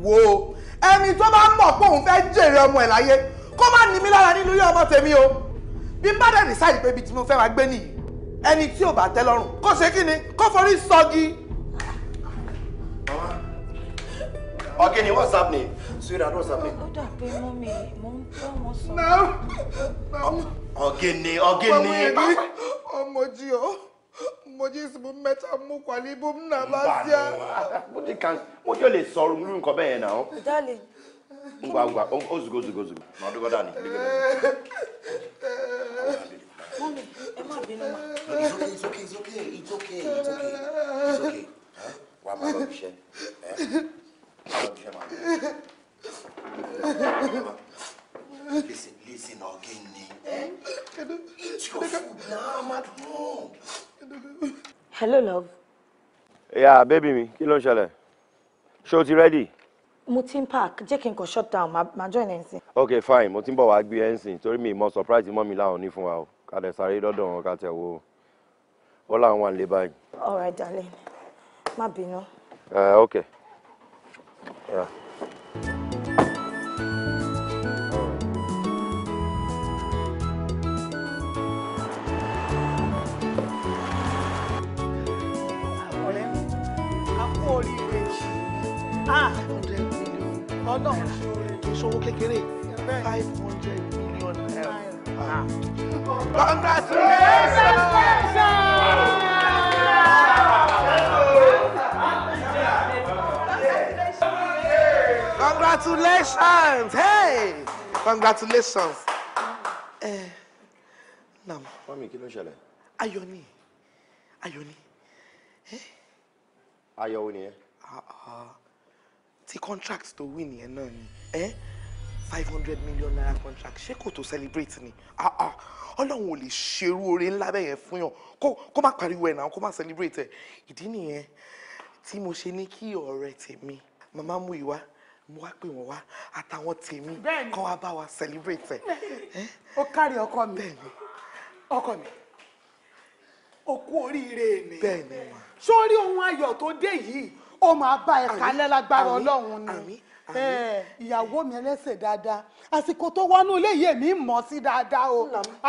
S1: wò ó ẹni tó bá ń mọ̀ pé òun fẹ́ jèrè ọmọ ẹ̀ láyé kó má ní mi lára nínú ilé ọmọ tèmi o. bí n bá dẹ̀ decide pé ibi tí mo fẹ́ wá gbé nìyí ẹni tí ò bá tẹ́ lọ́rùn kó ṣe kí ni kó forí
S3: sọ́gi.
S5: Okay, ni what's happening? Sweetheart, what's happening? Ó
S1: dà pé mú mi, mò ń tọ́ wọn sọ.
S5: Ọ̀gẹ̀nì, ọ̀gẹ̀nì.
S1: Ọmọjì o, Mojí ìsìnkú mẹ́ta mú kwalí bó ń nà bá sí
S5: à. Mojí ò lè sọ irú nǹkan bẹ́ẹ̀ yẹn náà. Darling, ngwa ngwa ozugbo ozugbo ozugbo n'ọdụgọ dani
S1: Mommy, am I being
S2: normal? No, it's okay, it's okay, it's okay, it's okay, it's okay.
S5: Huh? Why am I not share? Eh? I'm not share, man. Listen, listen again, eh?
S1: Eat your food now, Hello, love.
S5: Yeah, baby me, kí ló ń ready?
S1: mo park jẹ́ kí n kàn shut down màá join ẹ̀ ń sìn.
S5: ok fine mo ti ń bọ̀ wá gbé ẹ̀ ń torí mi mọ surprise mọ́ mi láwọn ní fún wa o ká lè sáré lọ́dọ̀ wọn ká tẹ̀ wo ó láwọn wà nílé báyìí.
S1: all right darling má bínú.
S5: Uh, ok. Yeah.
S1: Ọlọ́run kì í ṣòwò kékeré five hundred million naira. congratulations. congratulations hey congratulations. Eh,
S5: nam. wọ́n mi kí ló ṣẹlẹ̀. ayọ̀ ni ayọ̀ ni. Eh? ayọ̀ wo ni yẹn.
S1: Ah, ah tí contract to win yẹn náà ni ẹ five hundred million naira contract ṣé kò tó celebrate ni ah ah ọlọ́run ò lè ṣerú oore ńlá bẹ́ẹ̀ yẹn fún yàn kó kó má pariwo ẹ̀ náà kó má celebrate ẹ̀ ìdí nìyẹn tí mo ṣe ní kí ọ̀rẹ́ tèmi màmá mú ìwá mo wá pè wọ́n wá àtàwọn tèmi kọ́ wá bá wa celebrate ẹ̀. ó kárí ọkọ mi ọkọ mi ó kú oríire mi sórí ohun ayọ̀ tó dé yìí ó máa bá ẹ kalẹ̀ ọlọ́run ni ìyàwó mi ẹlẹ́sẹ̀ dáadáa àsìkò tó wọnú ilé yìí èmi mọ̀ sí dáadáa o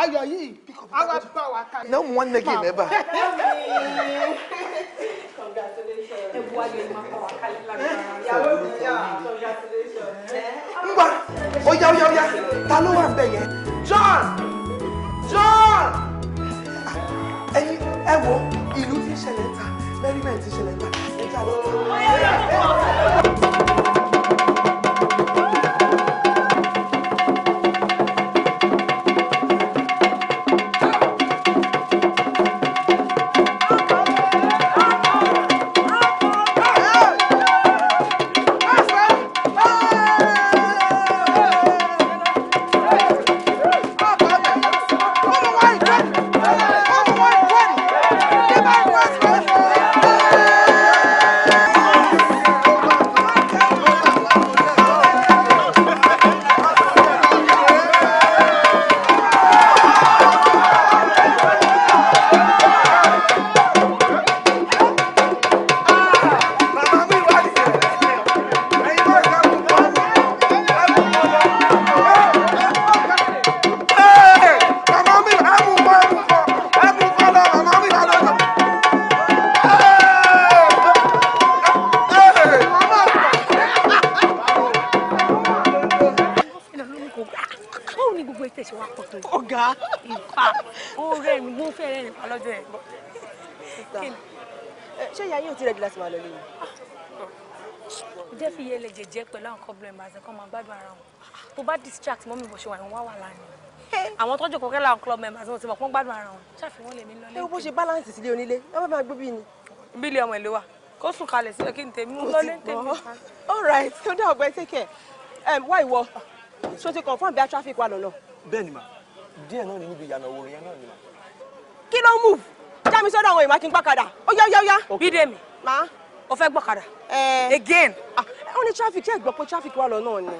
S1: ayọ̀ yìí àwa bá wa kalẹ̀. no one negative ever.
S2: ngba oya oya oya ta ló wà
S1: nbẹ yẹn John John ah, ẹ wo ìlú ti ṣẹlẹ̀ ta experiment ṣẹlẹ̀
S2: gbà. ga
S1: ìfà ó rẹ̀ mí mo fẹ́ rẹ̀ nípa lọ́jọ́ ẹ̀. ṣé ìyá yóò ti rẹ̀ di láti máa lọ lóyún. Ah,
S6: jẹ́ fi iye lè jẹ́jẹ́ pẹ̀lú àwọn kọ́bùlẹ̀ màsán
S1: kan máa gbádùn ara wọn tó bá distract mọ́mí bó ṣe wà ìwọ̀n wá wà lánàá àwọn tọ́jú kọ̀ọ̀kẹ́ làwọn club members wọn ti mọ̀ pọ́n gbádùn ara wọn ṣàfihàn lèmi lọ lẹ́yìn. ẹ bó ṣe balance sílé onílé ẹ má máa gbé bí ni. bílíọ̀ ọmọ ìlú wa kó sùn kalẹ̀ sílẹ̀ kí n tèmi mú lọ́lé tèmi. all right tó dá ọgbẹ́ take care wá ìwọ ṣó ti confirm bí a traffic wà lọ́nà. bẹ́ẹ̀ ni màá díẹ̀ náà níbi ìyànà òwò yẹn náà ni mà. kí ló move já mi sọ́dọ̀ àwọn ìmọ̀ kí n gbọ́kadà ó yá yá yá. Bídèmí ma o fẹ́ gbọ́kadà. again. Ah, ó ní traffic ṣé ìgbọ́ pé traffic wà lọ́nà ni.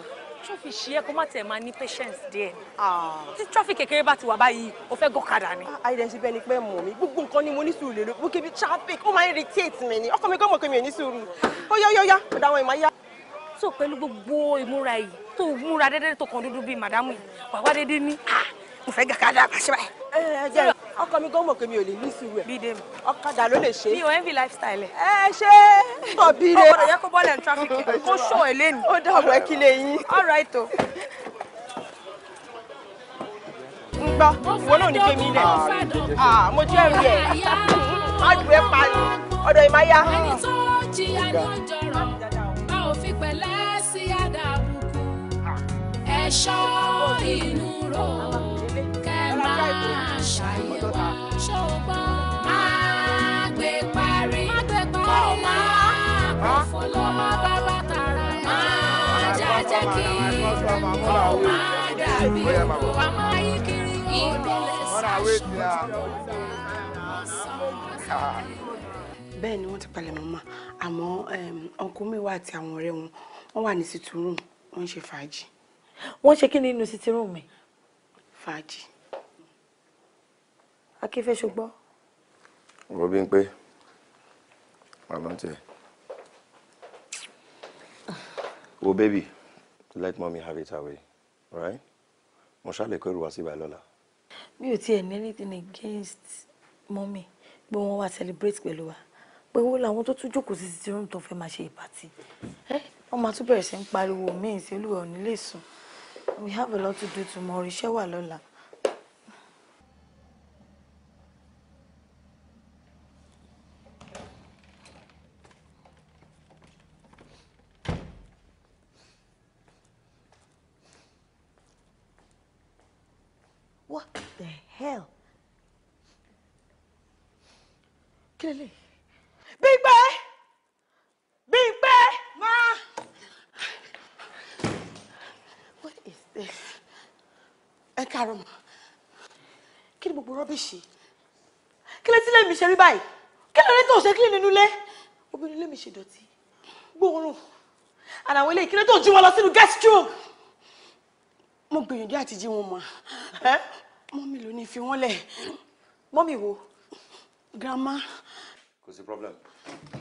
S1: traffic ṣí ẹ kó má tẹ̀ máa ní patience díẹ̀ ni. Ah. tí traffic kékeré bá ti wà báyìí o fẹ́ gbọ́kadà ni. àìdẹ̀sí ah, bẹ́ẹ̀ ni pé mọ̀ mi gbogbo nǹkan ni mo ní sùúrù lérò mo kébi traffic ó máa ń irritate mi ni ọkọ mi gbọ́mọ̀ pé mi ò ní sùúrù ó yá yá yá ọ̀dà àwọn ìmọ̀ yá. tó pẹ̀lú gbogbo ìmúra yìí tó múra déédéé tó kàn dúdú bíi màdámù yìí wàá wá déédéé ní kò fẹ́ gàkadà àbáṣe báyìí. ẹ ẹ jẹ ṣe. mi ò envy all right o. ń gbọ́ ìwọ náà ní kémi lẹ̀. mo jẹ́ ẹ̀rí ẹ̀ má dùn ẹ́ pa ọ̀dọ̀ ìmáyá. ẹni tó
S6: jí àdójọ́rọ̀ bá òfin pẹ̀lẹ́ sí àdàbùkù
S2: ẹ̀ṣọ́ inú
S6: rò èkó ọjọ́ ta. Mágbé parí, kọ́ máa kọ́ fọlọ́ máa bá bàtàrà. Máa jàjẹ́ kí kọ́ máa dàbí kó a máa bẹ́ẹ̀ ni
S1: wọ́n ti palẹ̀ mọ́mọ́ àmọ́ ọkọ mi àti àwọn ọ̀rẹ́ wọn wọ́n wà ní sitting room wọ́n ń ṣe fàájì. wọ́n ṣe kí ni nínú sitting room mi. fàájì a akínfẹ́ ṣùgbọ́n.
S5: wo bí n pé màmá tiẹ̀ wo baby let mommy have it away, right mo ṣàlẹ̀ kó èrò wá sí ibà lọ́la.
S2: mi
S1: ò tiẹ̀ ní anything against mommy pé wọ́n wá celebrate pẹ̀lú wa pé wọ́n làwọn tó tún jókòó sí ti room tó fẹ́ máa ṣe ìpàtì wọ́n máa tún bẹ̀rẹ̀ sí ń pariwo míì sí olúwa ò ní lè sùn we have a lot to do tomorrow iṣẹ́ wà lọ́la. What the hell? Kí Big Bay, Big Bay, Ma! What is this? Ẹ Karama, ma. Kí ni gbogbo let Kí lè tí lèmi ṣe rí báyìí? Kí lè rí tó ṣe kílì nínú ilé? Obìnrin lèmi ṣe dọ̀tí. Gbóòórùn. Àdàwọn eléyìí kí lè tó jí wọn guest room? Mo gbìyànjú àti jí wọn mọ̀. Mommy, ló ní fi wọ́n lẹ̀ mọ́mì wo grandma. kò sí problem.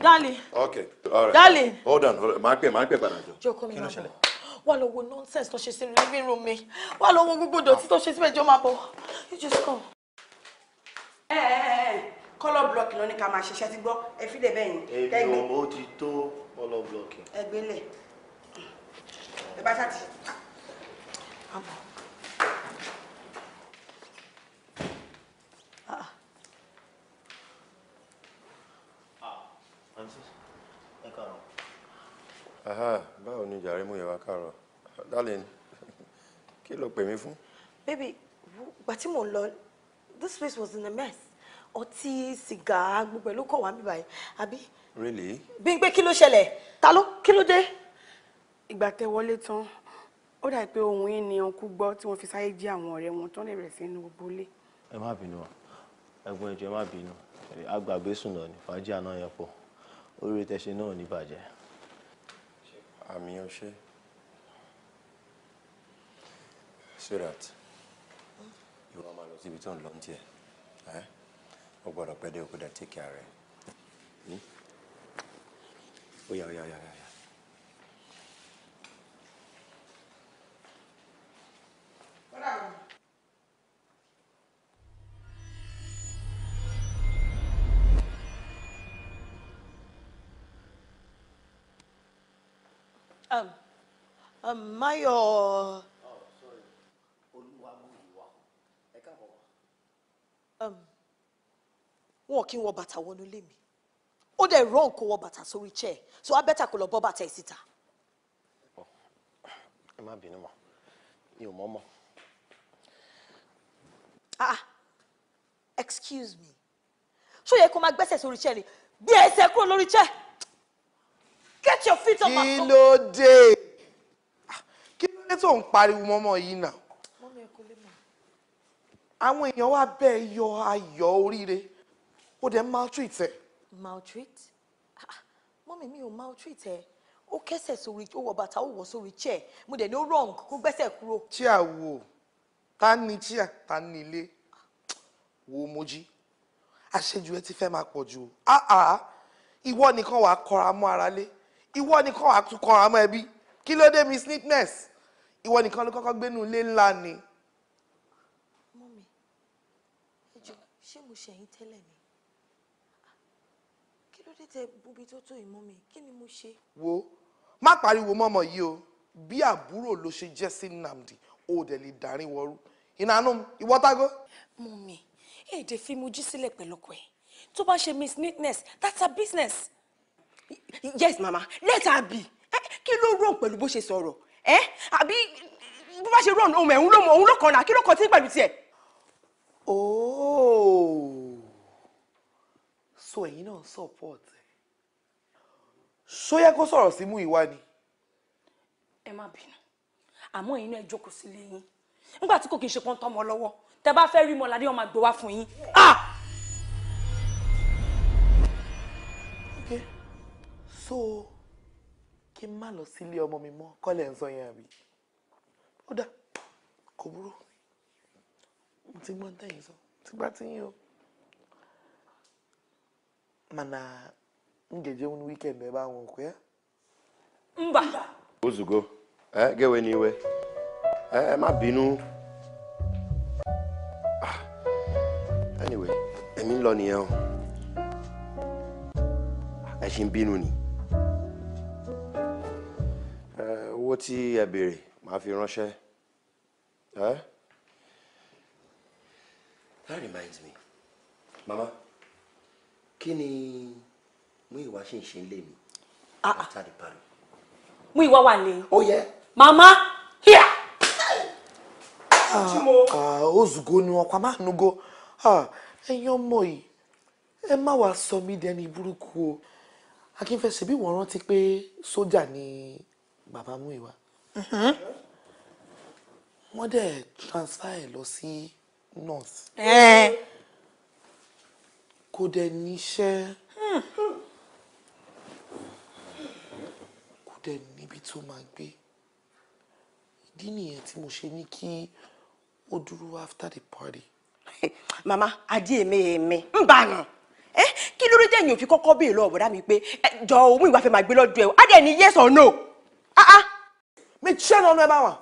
S1: dale.
S5: Okay. all right. dale. hold on hold on máa pè máa pè padà jọ. jọ kọ́ mi máa
S1: bọ̀ wà wo nonsense tó ṣe sínú living room Me. wà lọ wo gbogbo to tó ṣe síbẹ̀ jọ máa bọ̀ you just come. Eh, ẹ ẹ kọ́lọ̀ blọọkì ló ní ká máa ṣiṣẹ́ ti gbọ́ ẹ fi lè bẹ́yìn.
S4: èmi ò mọ ti tó kọ́lọ̀ blọọkì.
S1: ẹ gbélé ẹ bá ṣáà
S5: darling kí ló pè
S1: baby gba tí mò ń this place was in a mess ọtí sìgá gbogbo ẹ ló kọ wá mi báyìí really. Bímpé kí ló ṣẹlẹ̀ ta ló kí ló dé. ìgbà tẹ wọlé tán ó dà pé ohun yìí ni ọkú gbọ́ tí wọ́n fi sáyé jí àwọn ọ̀rẹ́ wọn tán lè bẹ̀rẹ̀ sí inú gbogbo ilé.
S5: ẹ má bínú ẹ̀gbọ́n ẹjọ ẹ má bínú àgbàgbé sùn lọ ní fàájì àná yẹn pọ̀ orí tẹṣe náà ní bàjẹ́. àmì ọṣẹ. so that ìwọ máa lọ síbi tó ń lọ ní tiẹ̀ ó gbọ́dọ̀ pẹ́ dé òkúta take care rẹ̀ hm? ó yá ó yá ó yá ó yá.
S2: Um, um,
S1: Mayor. Um, wọn kì í wọ bàtà wọnú ilé mi ó dẹ̀ rán kó wọ bàtà sórí chair so á bẹ́tà kó lọ bọ́ bàtà ẹ̀ síta.
S4: ẹ má bínú mọ́ mi ò mọ̀ mọ́.
S1: ah excuse me ṣó yẹ kó máa gbẹ́sẹ̀ sórí chair ni gbé ẹsẹ̀ kúrò lórí chair get your feet up. kí ló dé ah, kí ló dé tó ń pariwo mọ́mọ́ yìí náà. mọ́mí ẹ kò àwọn èèyàn wá bẹ́ẹ̀ yọ ayọ̀ oríire ó dẹ̀ maltreat ẹ̀. maltreat ah, ah. mọ́mí mi ò maltreat ẹ̀ ó kẹ́sẹ̀ sórí ó wọ bàtà ó wọ̀ sórí chair mo dẹ̀ ní ó wrong kó gbẹ́sẹ̀ kúrò. chia wo ta ni chia ta ni ilé wo mojí àṣejù ẹ ti fẹ́ máa pọ̀ jù ah, ìwọ nìkan wàá kọra mọ́ ara lé ìwọ nìkan wàá tún kọra mọ́ ẹbí kí ló dé miss neatness ìwọ nìkan ló kọ́kọ́ gbénu ilé ńlá ni. ṣé mo ṣẹ̀yìn tẹ́lẹ̀ ni ah, kí ló dé tẹ bubi tó tó ìmú mi kí ni mo ṣe. wo má pariwo mọ́mọ́ yìí o bí àbúrò ló ṣe jẹ́ sí Nnamdi ó dẹ̀ lè darin wọrú ìnáàánú ìwọ tágó. mi èdè fi mu jí sílẹ̀ pẹ̀lú tó bá ṣe miss neatness that's her business. yes mama let her be kí ló rò pẹ̀lú bó ṣe sọ̀rọ̀ ẹ̀ àbí bó bá ṣe rò ohun ẹ̀ òun ló mọ̀ òun ló kàn náà kí ló kàn sí pẹ̀lú tiẹ̀ ooo oh. so ẹ̀yin náà support ẹ̀ ṣó yẹ kó sọ̀rọ̀ sí mú ìwá ni. ẹ má bínú àmọ́ ẹ̀yin náà ẹ jókòó sílé yín nígbà tí kò kí n ṣe pọ́ńtọ́ ọmọ lọ́wọ́ tẹ bá fẹ́ rí mọ́ ládé ọmọ àgbò wá fún yín. Ah! okay so kí n má lọ sílé ọmọ mi mọ́ kọ́lẹ̀ ń sọ yẹn àbí ó dà kò burú mana m ga-eje nwụ
S4: ebe ahụ okwu
S5: mba ozugo ga-ewe n'iwe ee binu anyway èmi emi lọ nìyẹn o ẹ ṣì ni owó tí ebere ma fi Eh? that reminds me mama Kini, mu Múyìwá ṣì ń ṣe mi after ah, ah. the party.
S1: Múyìwá wà lé. Oh yeah. mama here. ozugbo ah, ni ọkọ máa ń go ẹ̀yin ọmọ yìí ẹ má wàá sọ mí dẹni burúkú o akínfẹsẹ bí wọ́n rántí pé sójà ni bàbá Múyìwá mm-hmm. wọ́n dẹ̀ transfer ẹ lọ sí. Si nurse. Eh. kò dẹ̀ níṣẹ́ kò dẹ̀ níbi tó máa gbé ìdí nìyẹn tí mo ṣe ní kí ó dúró after the party. màmá ajé èmi èmi ń bà nù eh, kí ló dé tẹ̀yìn òfin kọ́kọ́ bèèrè lọ́wọ́ bọ̀dá mi pé eh, jọ ohun ìwà fẹ́ máa gbé lọ́dún ẹ̀ á dẹ̀ ní yes or no. Ah, ah. mi ṣẹ́ nínú ẹ bá wà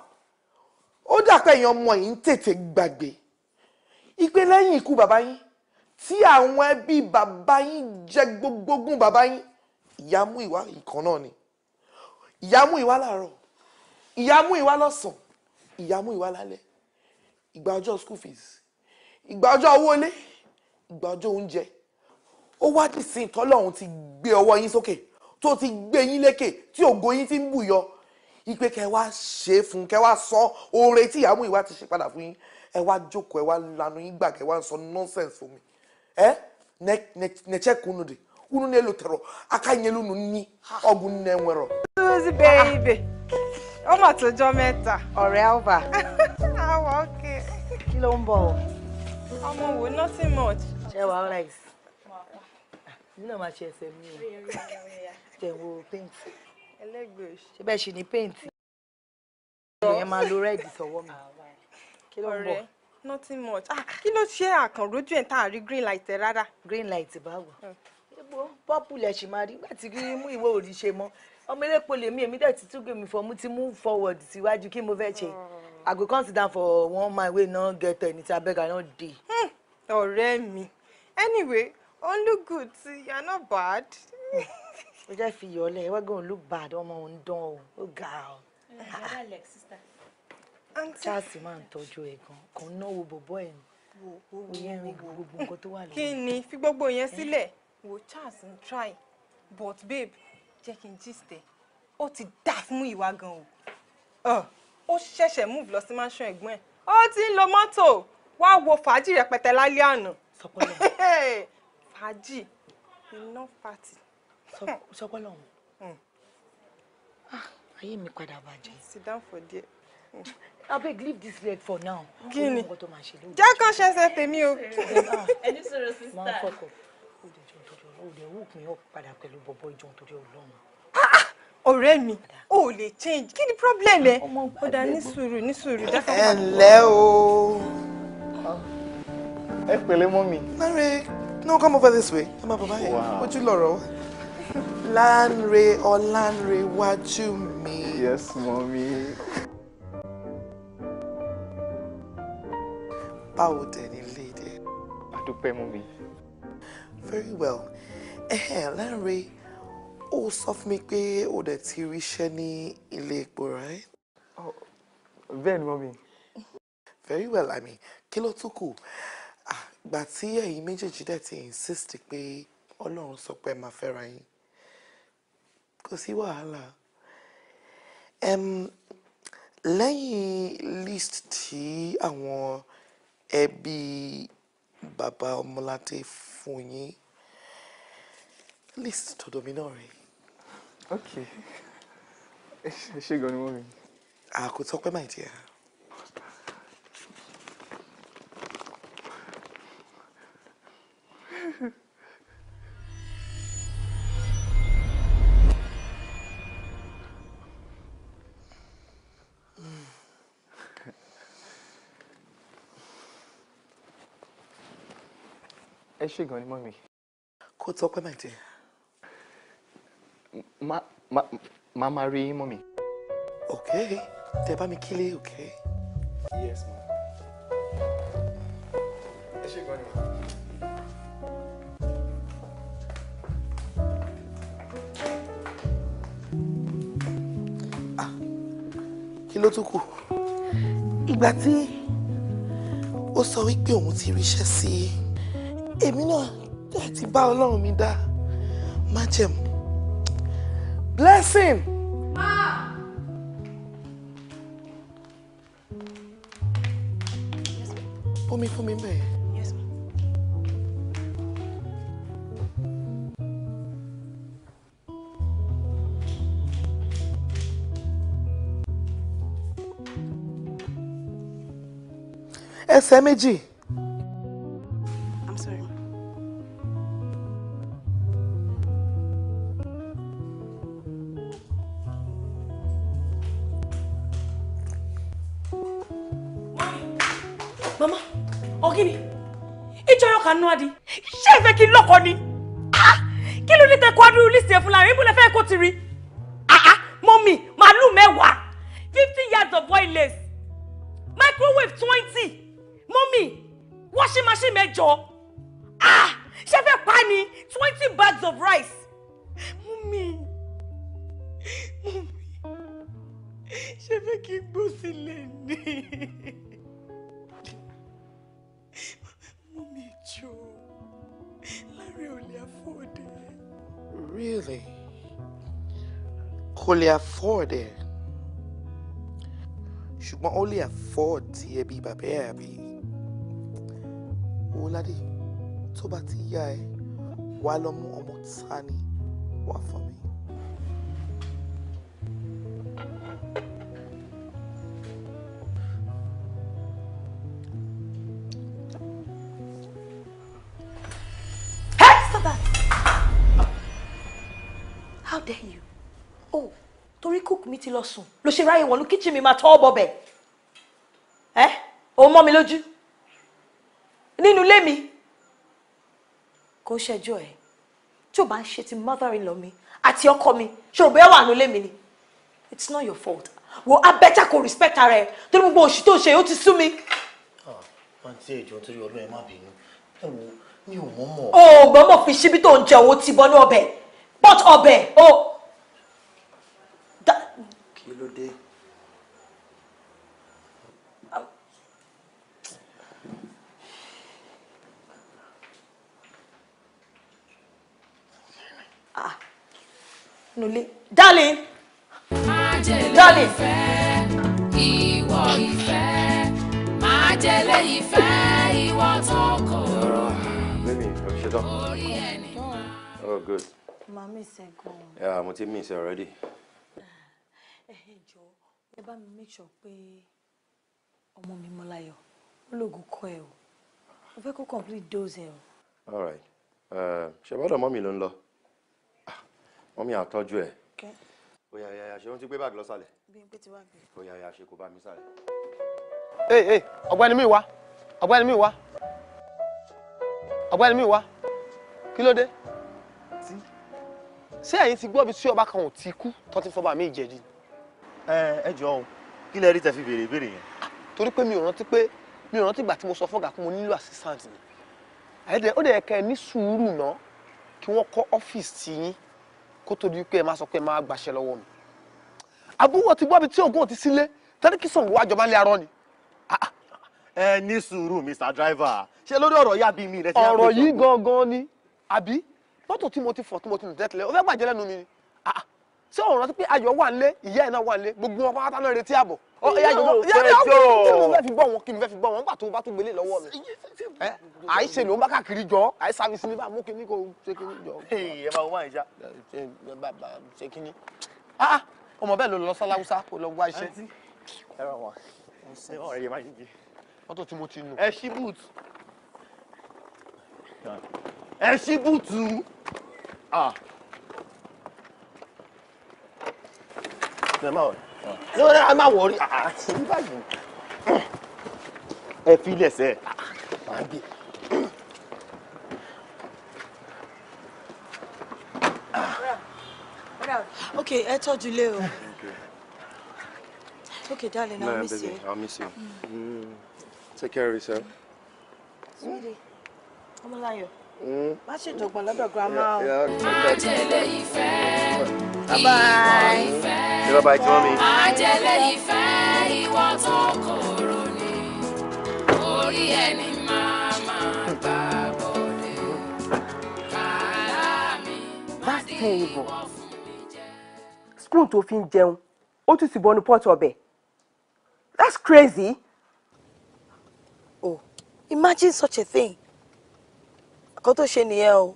S1: ó dà pé èèyàn ọmọ yìí ń tètè gbàgbé ìpè lẹ́yìn ikú bàbá yín tí àwọn ẹbí bàbá yín jẹ gbogbogun bàbá yín ìyá mú ìwá ìkan náà ni ìyá mú ìwá làárọ̀ ìyá ìwá lọ́sàn ìyá ìwá lálẹ́ ìgbà ọjọ́ school fees ìgbà ọjọ́ owó ilé ìgbà ọjọ́ oúnjẹ ó wá dì sí ìtọ́lọ́hún ti gbé ọwọ́ yín sókè tó ti gbé yín lékè tí ògo yín ti ń bù yọ ìpè kẹ ṣe é fún kẹ sọ oore tí ìyá ìwá ti ṣe padà fún yín ẹ wá jókòó ẹ wá lanu yín kẹ wá sọ nonsense fún mi ẹ ne ne ne check unu de unu n'elu tọrọ aka nyelu unu ni ọgwụ nne nwere. suzy baby ó mà tójọ́ mẹ́ta. ọ̀rẹ́ alba. àwọ̀ ah, òkè. kí ló ń bọ̀ o.
S2: ọmọ wo nothing
S1: much. ṣé wàá ọ̀rẹ́ yìí mi náà máa ṣe ẹsẹ̀ mi o tẹ̀wọ̀ paint. ẹlẹ́gbẹ̀ẹ́ ṣe bẹ́ẹ̀ ṣe ni paint.
S2: ìyẹn máa lo red
S1: sọ́wọ́ mi kí ló ń bọ̀ nothing much ah kí ló ṣe àkànrójú ẹ̀ tá a rí green light ẹ̀ rárá. green light báwo epo pọ́pù lẹ̀ ṣì máa rí nígbà tí kí mú ìwé òrì ṣe mọ́ ọmọ elépo lèmi èmi dẹ̀ ti tún gbèmí fọ́ mú ti mú forward síwájú kí mo fẹ́ ṣe I go come sit for one my way no get anything abeg I no dey. ọ̀rẹ́ mi anyway òun look good you are not bad. ó jẹ́ fi yọ̀ ọ́ lẹ̀ ẹ wá gbọ́n look bad ọmọ òun dán o ó ga o. ẹ ẹ dá lẹ̀ Charles máa ń tọ́jú ẹ̀ gan kan náwó bọ̀bọ́ ẹ̀ ni oyè ń rí gbogbo nǹkan tó wà lọ́wọ́. kí ni fi gbogbo yẹn eh? sílẹ̀ wo Charles ń try but babe jẹ́ kí n gist ẹ̀ ó ti dà fún ìwà gan o ó ṣẹ̀ṣẹ̀ move lọ sí mansion ẹ̀gbọ́n ẹ̀ ó ti ń lo mọ́tò wá wo fàájì rẹpẹtẹ lálẹ́ àná fàájì iná pàtì. sọpọlọ hmm. Ah, ayé mi kwada bàjẹ́. sit down for there. Hmm abeg leave this leg for now. kí ni jẹ́ kàn ṣẹ̀ṣẹ̀ tèmi o. ẹni sọ̀rọ̀ sísá. máa ń fọkọ̀ òde jọ òde jọ òde hook mi up padà pẹ̀lú bọ̀bọ̀
S2: ìjọ nítorí ọlọ́run.
S1: Ah, ah! ọ̀rẹ́ mi ò lè change kí ni problem ẹ ó da ní sùúrù ní sùúrù dákọ̀. ẹ ǹlẹ́ o ẹ pẹ̀lẹ́ mọ́ mi. Lanre no come over this way ẹ máa bàbá yẹn ojú lọ̀rọ̀ wa. Lanre Ọlánrewájú mi. yes mọ́
S4: báwo dẹ̀ nílé dẹ̀. àdúpẹ́ mú mi. very
S1: well Lanre ó sọ fún mi pé ó dẹ̀ ti ríṣẹ́ ní ilé epo right. Oh, bẹ́ẹ̀ ni mọ́ mi. very well I mean kí ló tún kù ìgbà tí ẹ̀yin méjèèjì dẹ̀ ti insist pé Ọlọ́run sọ pé máa fẹ́ra yín kò sí wàhálà lẹ́yìn list tí àwọn. Um, ẹbí bàbá Ọmọládé Fúnyìn list tọ̀dọ̀ mi náà rèé. ok ẹ ṣe gan ni wọ́n mi. àkótọ́pẹ́ my dear.
S4: ẹ ṣe gan ni mọ́ mi. kó tọpẹ́ máa tẹ. máa máa rí mọ́ mi. ok tẹ bá mi kílé ok. yes ma. ẹ
S3: ṣe gan ni mọ́ mi.
S1: Ah, kí ló tún kù. ìgbà tí ó sọ wípé òun ti ríṣẹ́ sí i èmi náà láti bá ọlọ́run mi dá májẹ̀mú blessing. Ah. Omi fún mi bẹ́ẹ̀. Yes, ma. Ẹsẹ̀ méjì. bàbá ẹ̀ àbí Owóládé tó bá ti yá ẹ wá lọ mú ọmọ tani wá fún mi. How dare you? Oh, torí cook mi ti lọ sùn. Ló ṣe ráyè wọ̀lú kitchen mi máa tọ́ bọ̀bẹ̀ òun mọ́ mi lójú nínú ilé mi kò ń ṣẹjọ́ tí ò bá ń ṣe ti mother in law mi àti ọkọ mi ṣe ò bẹ́ẹ̀ nílé mi ni it's not your fault wo abẹ́jà kò respect ara ẹ̀ torí gbogbo òṣì tó ṣe ó ti sú mi.
S4: àǹtí ah, ìjọ torí ọlọ́run ẹ má bínú ẹ mi ò mọ̀ mọ̀. o
S1: ò gbọ́ mọ̀ fi síbi tó ń jẹ owó ti bọ́nú ọbẹ̀ pot
S2: ọbẹ̀ o.
S4: kí ló dé.
S6: nulẹ̀ darling darling. ìwọ ìfẹ́ máa jẹ́lé ìfẹ́ ìwọ tó
S5: kóró orí ẹni
S6: máa. oh good. màmí ṣe gan-an.
S5: yeah mo ti miss already.
S6: ẹ ẹ jọ ẹ bá mi make
S2: sure
S1: pé ọmọ mi Mọ́láyọ̀ ó lóògùn kọ ẹ o mo fẹ́ kó
S5: complete dose ẹ o. all right uh, ṣe bọ́dọ̀ mọ́ mi ló ń lọ wọ́n mi àtọ́jú ẹ̀. oya oya ṣe wọ́n ti gbé báàgì lọ sálẹ̀. bí n pé ti wá gbé. oya oya ṣe kò bá mi sálẹ̀. ee ee ọ̀gbẹ́ni mi wá ọ̀gbẹ́ni mi wá
S1: ọ̀gbẹ́ni mi wá kí ló dé ṣé ẹ̀yin ti gbọ́ bí tí ọba kan ò ti kú tó ti fọba mi ìjẹ̀dí. ẹ ẹ jọ o kí lẹ rí tẹ fi béèrè ìbéèrè yẹn. Ah, torí pé mi ò rántí pé mi ò rántí ìgbà tí mo sọ fọ́gà pé mo nílò assistant ni. ẹ̀ẹ́dẹ̀ ó dẹ̀ kẹ́ ẹ ní sùúrù náà kí wọ́n kọ́ ọ́fíìsì yín kó tó di pé ẹ máa sọ pé ẹ máa gbàṣẹ lọ́wọ́ mi. àbúrò ti gbọ́ bi tí ògùn ò ti sílé tẹ́lẹ̀kì sọ̀rọ̀ wá jọba lé arọ́ ni. Ah, ah. ẹ ní sùúrù mr driver ṣé lórí ọ̀rọ̀ yìí àbí mi rẹ ti yá ọ̀rọ̀ yìí gangan ni àbí mọ́tò tí mo ti fọ̀ tí mo ti nù tẹ́tẹ̀lẹ̀ ó fẹ́ gbàjẹ́ lẹ́nu mi ni. Ah, ṣé ọ̀rọ̀ tó pé ayọ̀ wà nílé ìyá ẹ̀ náà wà nílé gbogbo wọn pátá náà retí àbọ̀. ìyá yóò fẹ́ jọ kí mo fẹ́ fi bọ́ wọn kí mo fẹ́ fi bọ́ wọn nígbà tó bá tún gbélé lọ́wọ́ mi. àìṣe ló ń bá káàkiri jọ àìṣe àmì sinimá mú kí ní kò ṣe kí ní jọ. ẹ máa
S4: wá ìjà. ṣe kí ní. Ah, ah, ọmọ bẹ́ẹ̀ ló lọ sọ́láwúsá kó lọ wá iṣẹ́. mọ́tò tí mo ti nù. ẹ ṣí
S2: bùtù. ẹ ṣí bùtù.
S4: Ah.
S3: ẹ má
S1: wọrí ẹ má wọrí ṣe ní báyìí
S3: ẹ fi ilẹ̀ sẹ́ máa ah, gbé.
S1: Ah. ok ẹ tọ́jú lé o ok darling no, I'll miss you.
S5: I miss you. Take care of yourself.
S1: Sweetie,
S6: ọmọláyọ̀. Mm. Má ṣèjọ̀gbọ̀n lọ́dọ̀ grandma o. Má jẹ̀lé ìfẹ́. Bye bye.
S5: Say bye bye to mommy.
S6: Ajẹ́lé ìfẹ́ ìwọ tó kòrò ní orí ẹni máa máa gbà bọ̀dé. That's terrible.
S1: Spoon tó fi ń jẹun, ó tún ti bọnu pọ́ọ̀tù ọbẹ̀. That's crazy. Oh, imagine such a thing. Àkọ́ tó ṣe nìyẹn o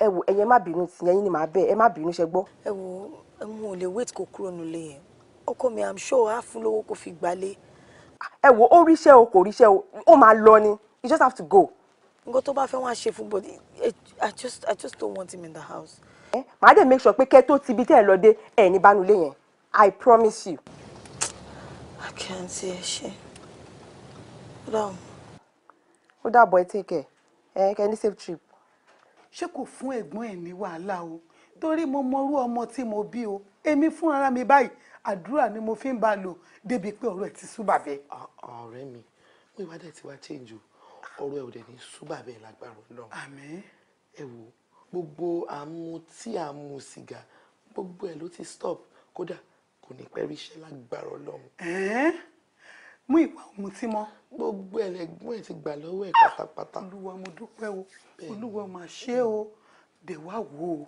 S1: ẹ wò ẹ̀yin má bínú ti yẹn ni màá bẹ̀ ẹ má bínú ṣe gbọ́. ẹ wo mo ò lè wait kó kúrò nílé yẹn ọkọ mi i'm sure á fún lówó kó fi gbalé. ẹ wo ó ríṣẹ́ o kò ríṣẹ́ o ó máa lọ ni you just have to go. nǹkan tó bá fẹ́ wọ́n á ṣe fún but i just i just don't want him in the house. ẹ màá dẹ̀ make sure pé kẹ́ tó ti ibi tẹ́ ẹ lọ dé ẹ̀ ní bánulé yẹn i promise you. i can't see ẹ ṣe ó dáhùn. ó dàbọ̀ ẹ take care ẹ kẹ́ ní safe trip ṣé kò fún ẹ̀gbọ́n ẹ̀ ní wàhálà o torí mo mọrú ọmọ tí mo bí o èmi fún ara mi báyìí àdúrà ni mo fi ń bá lò débi pé ọ̀rọ̀ ẹ̀ ti sú bàbẹ́. ọ̀rẹ́ mi mo ìwádìí ti wá change o ọ̀rọ̀ ẹ̀ ò dẹ̀ ní sú bàbẹ́ lágbára Ọlọ́run. àmín. ẹ wo gbogbo àmú tí à ń sìgá gbogbo ẹ̀ ló ti stop kódà kò ní pẹ́ ríṣẹ́ lágbára Ọlọ́run. ẹ̀ẹ́ mú ìwà ọ̀mùtí mọ́. gbogbo ẹlẹgbọn ẹ ti gbà lọ́wọ́ ẹ pátápátá. olúwa mo dúpẹ́ o olúwa mà ṣe o dẹ̀ wá wò ó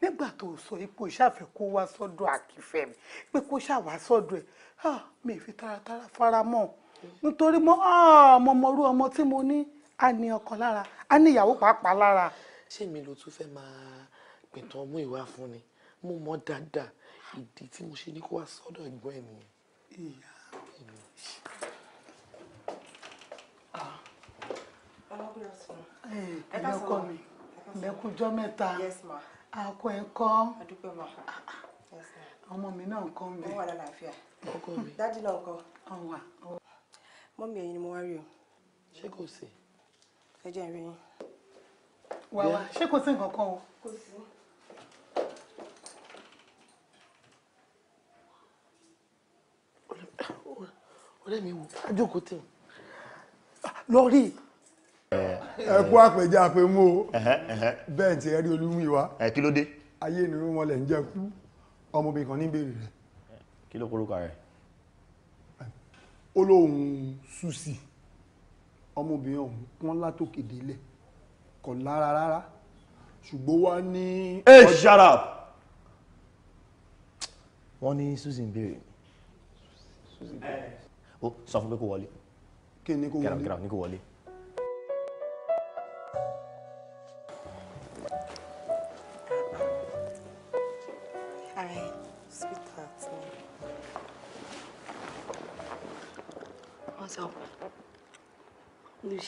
S1: nígbà tó sọ ipò ìṣàfẹ́ kó wá sọ́dọ̀ àkìfẹ́ mi pé kó ṣàwá sọ́dọ̀ ẹ̀ mi ì fi taratara fara mọ́ nítorí mo mọ mọrú ọmọ tí mo ní a ní ọkọ lára a ní ìyàwó pàápàá lára. ṣé mi ló tún fẹ́ máa pìtàn mú ìwà fún ni mo mọ dáadáa ìdí tí mo ṣe ní kó wá sọ́dọ̀ ẹ̀gbọ́n ẹ̀ nìyẹn. ìyá ẹ̀yin ọkọ mi lẹ́kùjọ́ mẹ́ta àkọ ẹ̀kọ́ ah,
S2: ah.
S1: ọmọ mi náà kọ́ mi. wọ́n wà lálàáfíà ọkọ mi dájú náà kọ́. ọ̀wà. mọ́mí ẹ̀yin ni mo wá rí o. ṣé kò sí. ẹ jẹ́ ìrìn yín. wàá ṣé kò sí nǹkan kan o. kò sí. ọ̀rẹ́ mi wò á jókòó tẹ̀
S3: ah, lọ rí i. Eh, ẹ kú eh. àpèjẹ àpèmú o bẹ́ẹ̀ tí ẹ rí Olúmúyìwá eh, kí ló dé ayé ìnirú wọn lẹ̀ ń jẹ́ kú ọmọbìnrin kan ní bèrè rẹ̀ kí ló korúkọ rẹ̀ olóhun susi ọmọbìnrin ọ̀hún kán látòkè délẹ̀ kọ̀ lára rárá ṣùgbọ́n wá ní. shut up
S4: wọ́n ní susi ń bèrè ó sọ fún pé kó wọlé kí ni kó wọlé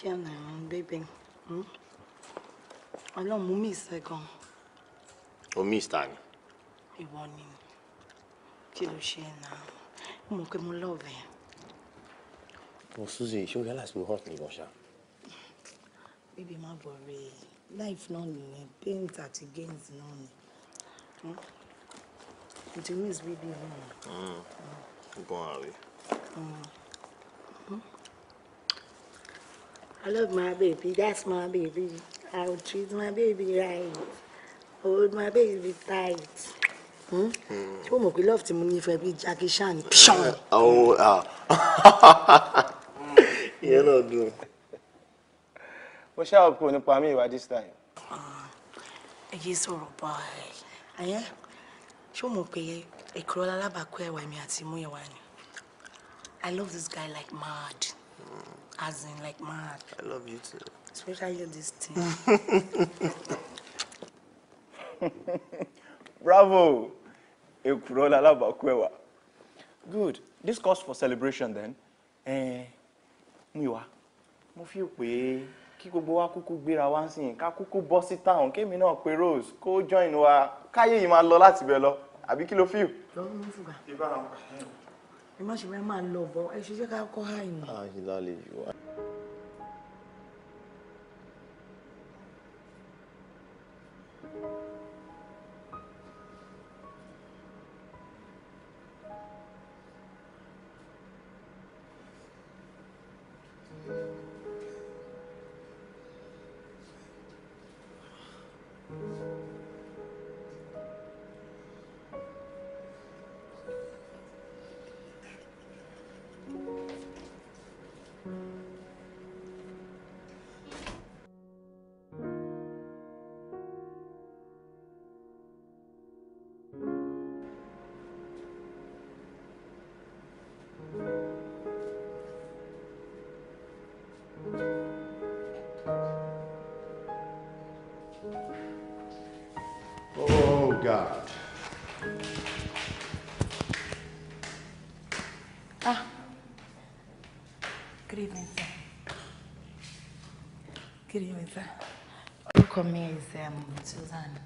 S1: ṣe nà án bébè hmm? ọlọ́run mú mi ìṣẹ́ gan. o mi ìṣá ni. ìwọ ni kí ló ṣe nà án mo pé mo lọ́ọ̀bẹ̀.
S4: mo Suzy ṣé o yálà sí mi hot nìkan ṣá.
S1: bébè má bọ̀ rè life náà nìyẹn pains àti gains náà ni. ìdí hmm? miss bébè náà.
S5: gan-an rè é.
S6: I love my baby. That's my baby. I will treat my baby right. Hold my baby tight.
S4: Hmm?
S1: o mọ̀ pé love tí mo ní fẹ́ bí Jackie Chan pṣọ́n? Eh,
S4: eh, oh, ah. Ìyẹn náà dùn. Mo ṣáà kúrò nípa mi ìwà this time. Ah.
S1: Ẹ yé sọ̀rọ̀ báyìí. Àyẹ́ ṣé o mọ̀ pé èkúrọ́ alábàákú ẹ̀wà mi àti mú ẹ̀wà ni? I love this guy like mad. Mm. As in, like mad. I love you too. Especially
S2: this thing.
S3: Bravo! Good. This calls for
S4: celebration then. Eh, Miwa, mo fi pé kí gbogbo wa kúkú gbéra wá nsin ká kúkú bọ́ sí town kémi náà pé Rose Ko join wa káyé yìí
S1: máa
S3: lọ láti bẹ̀ lọ àbí kí ló feel.
S5: Lọ mú fùgbà. Ìbára wọn ẹ
S1: má ṣe wẹ́n I should just ẹ ṣe jẹ́ ká kọ́ háì nù. Ah, you wa.
S5: God.
S6: Ah, good evening, sir. Good evening, sir.
S1: Look on me is um, Suzanne,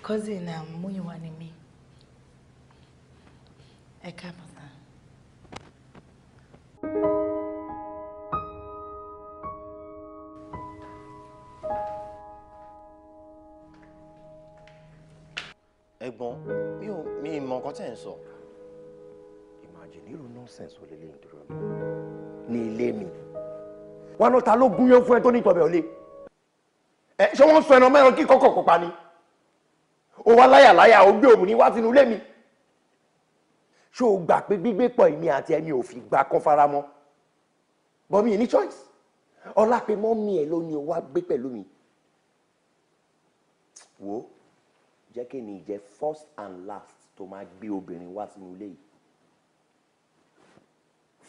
S6: cousin um, Muyiwa
S1: ni me. Ẹ káàbọ̀.
S4: nonsense olè lè nítorí
S3: ọlọ́run ní ilé mi wọn lọ ta ló gúnyán fún ẹ tó ní tọbẹ ọlẹ ẹ ṣé wọn sọ ẹran mẹ́rin kí kọkọ kópa ni ó wá láyàláyà ó gbé òmùní wá sínú ilé mi ṣé o gbà pé gbígbé pọ̀ èmi àti ẹni ò fi gbà kan fara mọ́ but ní choice ọlá pé mọ́mí ẹ̀ ló ní o wá gbé pẹ̀lú mi wo jẹ́ kí ni ìjẹ́ first
S5: and last tó máa gbé obìnrin wá sínú ilé yìí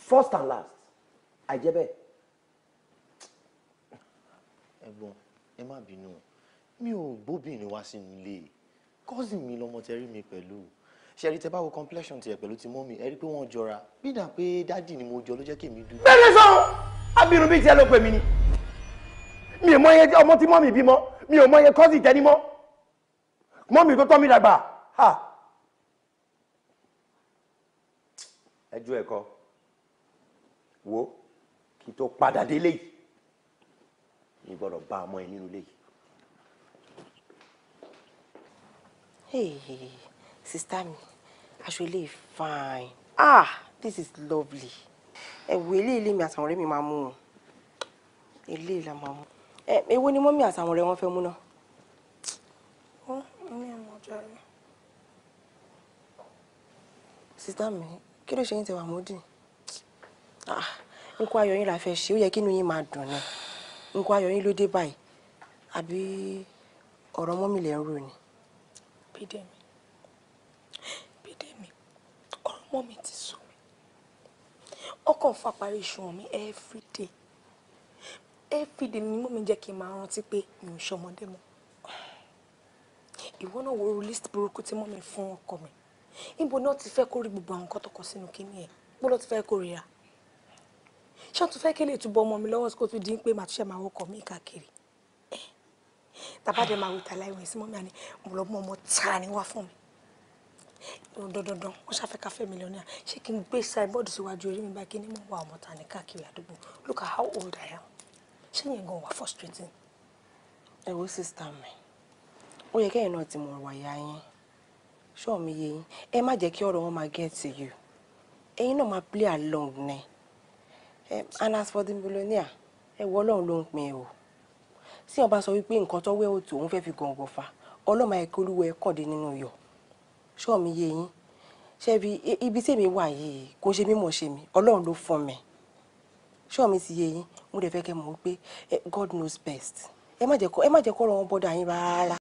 S4: first and last àìjẹ́ bẹ́ẹ̀. ẹ̀gbọ́n ẹ má bínú mi ò gbóbìnrin wá sínú ilé kọ́sì mi lọmọ tẹ́rí mi pẹ̀lú ṣẹ́rí tẹ́ bá wo complexion tiẹ̀ pẹ̀lú ti mọ́ mi ẹ rí pé wọ́n jọra bí dà pé dádì ni mo jọ ló jẹ́ kí èmi dúró. bẹ́ẹ̀ ni
S1: sọ́run abirun bíi tiẹ̀ ló pè mí ni mi ò mọ iye
S3: ọmọ tí mọ́ mi bímọ mi ò mọ iye kọ́sì tẹ́ni mọ́ mọ́ mi tó tọ́ mi dàgbà.
S5: ẹjọ́ ẹ̀kọ́ wo kí tó padà délé yìí ní bá ọmọ ẹ nínú ilé
S2: yìí.
S1: sista mi aṣọ ilé fine ah this is lovely ẹ̀wù ilé ilé mi àtàwọn ọ̀rẹ́ mi máa mú un ilé la máa mú ẹ èwo ni mọ́mí àtàwọn ọ̀rẹ́ wọn fẹ́ mú náà.
S2: ó ní ẹ̀mọ́ ọjọ́ rẹ̀.
S1: sista mi kí ló ṣe ń tẹwàá mọ́dì. Ah, nǹkan ayọ̀ yín la fẹ́ ṣe ó yẹ kí inú yín máa dùn ni nǹkan ayọ̀ yín ló dé báyìí àbí ọ̀rọ̀ mọ́mì lẹ̀ ń rò ni. bídèmí bídèmí ọ̀rọ̀ mọ́mì ti sú mi ọkàn fà parí ìṣùwọ̀n mi everyday everyday ni mọ́mì jẹ́ kí n máa rántí pé mi ò ṣọmọdé mọ́ ìwọ náà wo list burúkú tí mọ́mì fún ọkọ mi níbo náà ti fẹ́ kó rí gbogbo àwọn nǹkan tó kọ sínú kíní ẹ̀ gbọ́dọ̀ ti fẹ́ kó rí ra ṣé ọtún fẹ́ kí lè túbọ̀ ọmọ mi lọ́wọ́ kó tún di pé màá tún ṣe máa wọkọ̀ mi káàkiri tàbádẹ́ máa wò tàlá ìwé sí mọ́mí àní mo lọ mú ọmọ tààrà ní wá fún mi dandandan wọ́n ṣàfẹ́ káfẹ́ mílíọ̀nù ṣé kí n gbé ṣáìbọ́ọ̀dù síwájú orí mi báyìí kí ni mo wá ọmọ tàní káàkiri àdúgbò look at how old I am ṣé yẹn gan wà frustrating. ẹ wo sísítà mi ó yẹ kẹ́yìn náà ti mọ̀ ọ̀rọ̀ àyà yín ṣọ́ọ̀ yẹ yín ẹ má jẹ́ kí ọ̀rọ̀ wọn máa get to you ẹ̀yin náà máa play along náà and as for the millionaire ẹ̀wọ́ ọlọ́run ló ń pin ẹ̀ o tí wọn bá sọ wípé nǹkan tọ́wọ́ ẹ̀ òtò òun fẹ́ fi gàngàn fa ọlọ́mọ ẹ̀kọ́ olúwa ẹ̀ kàn dé nínú yọ ṣọ́ọ̀mí yé yín ṣebí ibi tèmi wà yìí kò ṣe mí mọ̀ ṣe mí ọlọ́run ló fún mi ṣọ́ọ̀mí ti yé yín mo dẹ̀ fẹ́ kẹ́ mọ̀ wípé eh, God knows best
S2: ẹ má jẹ́ kó ẹ má jẹ́ kó ọ̀rọ̀ wọn bọ́dọ̀ yín rárá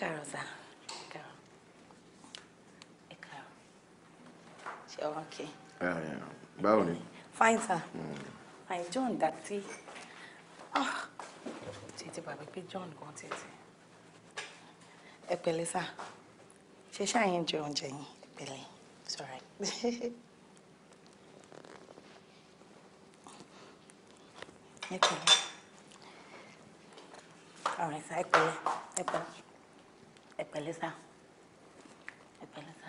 S2: káàárọ̀ sá
S6: ẹ káàárọ̀ ẹ káàárọ̀ ṣe ọ kí.
S4: Ah, báwo ni.
S6: fine sir hmm. fine John dati tètè bàbá pé John gan tètè ẹ pẹ̀lẹ́
S1: sá ṣe ṣàyẹn jẹ oúnjẹ yín ẹ pẹ̀lẹ́ sorry.
S6: ẹ pẹ̀lẹ́. All right, sir. Ẹ pẹ̀lẹ́. Ẹ Es peleza. Es peleza.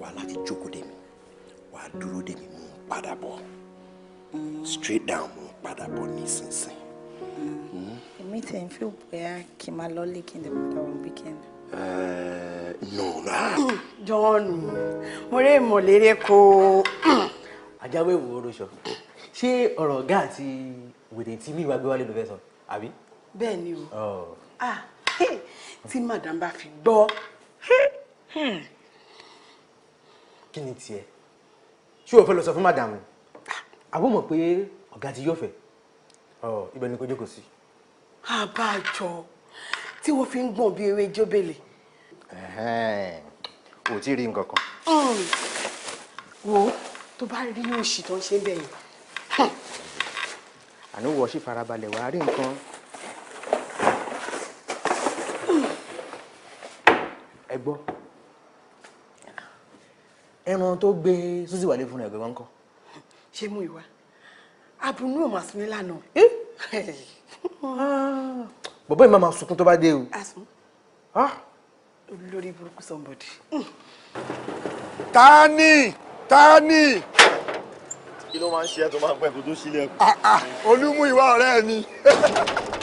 S5: wà láti jókòó dè mí
S1: wà á dúró dè mí
S5: mò ń padà bọ̀ straight down mò ń padà bọ̀ nísinsìn.
S1: Hmm? èmi tẹ̀ ń fi bóyá kí n máa lọ lé kí n lè padà wọ̀ nù náà. John mo rí ìmọ̀lérè kó. ajáwé wo ló sọ ṣé ọ̀rọ̀ ọ̀gá àti wèrè tí mi ìwà gbé wálé ló fẹ́ sọ àbí. bẹ́ẹ̀ ni o oh. ah tí madam bá fi gbọ́. Hmm kí ni tiẹ̀ ṣé o fẹ́ lọ sọ fún màdàmù àbọ̀ mọ̀ pé ọ̀gá ti yọ̀fẹ̀ ọ ibẹ̀ ni kò jókòó sí. àbájọ tí wọ́n fi ń gbọ̀n bí eré jóbélé. ò tí ì rí nǹkan kan. Hmm. wo tó bá rí òṣì tó ń ṣe bẹ́ẹ̀ yẹn. Hmm. àní wọ́n sì farabalẹ̀ wá rí nǹkan. Hmm. ẹ gbọ́ ẹran tó gbé Suzy wálé fún ẹgbẹ́ wọn kọ́. ṣé mú ìwà abunú ò máa sunmi lánàá. bọ̀bọ́ yìí máa máa sunkún tó bá dé o. àsùn olórí burúkú
S5: somebody.
S3: tani tani.
S5: kí ló máa ń ṣe ẹ́ tó máa ń pẹ́ kó tó sílẹ̀
S3: ah, ah, olúmú ìwà ọ̀rẹ́ mi.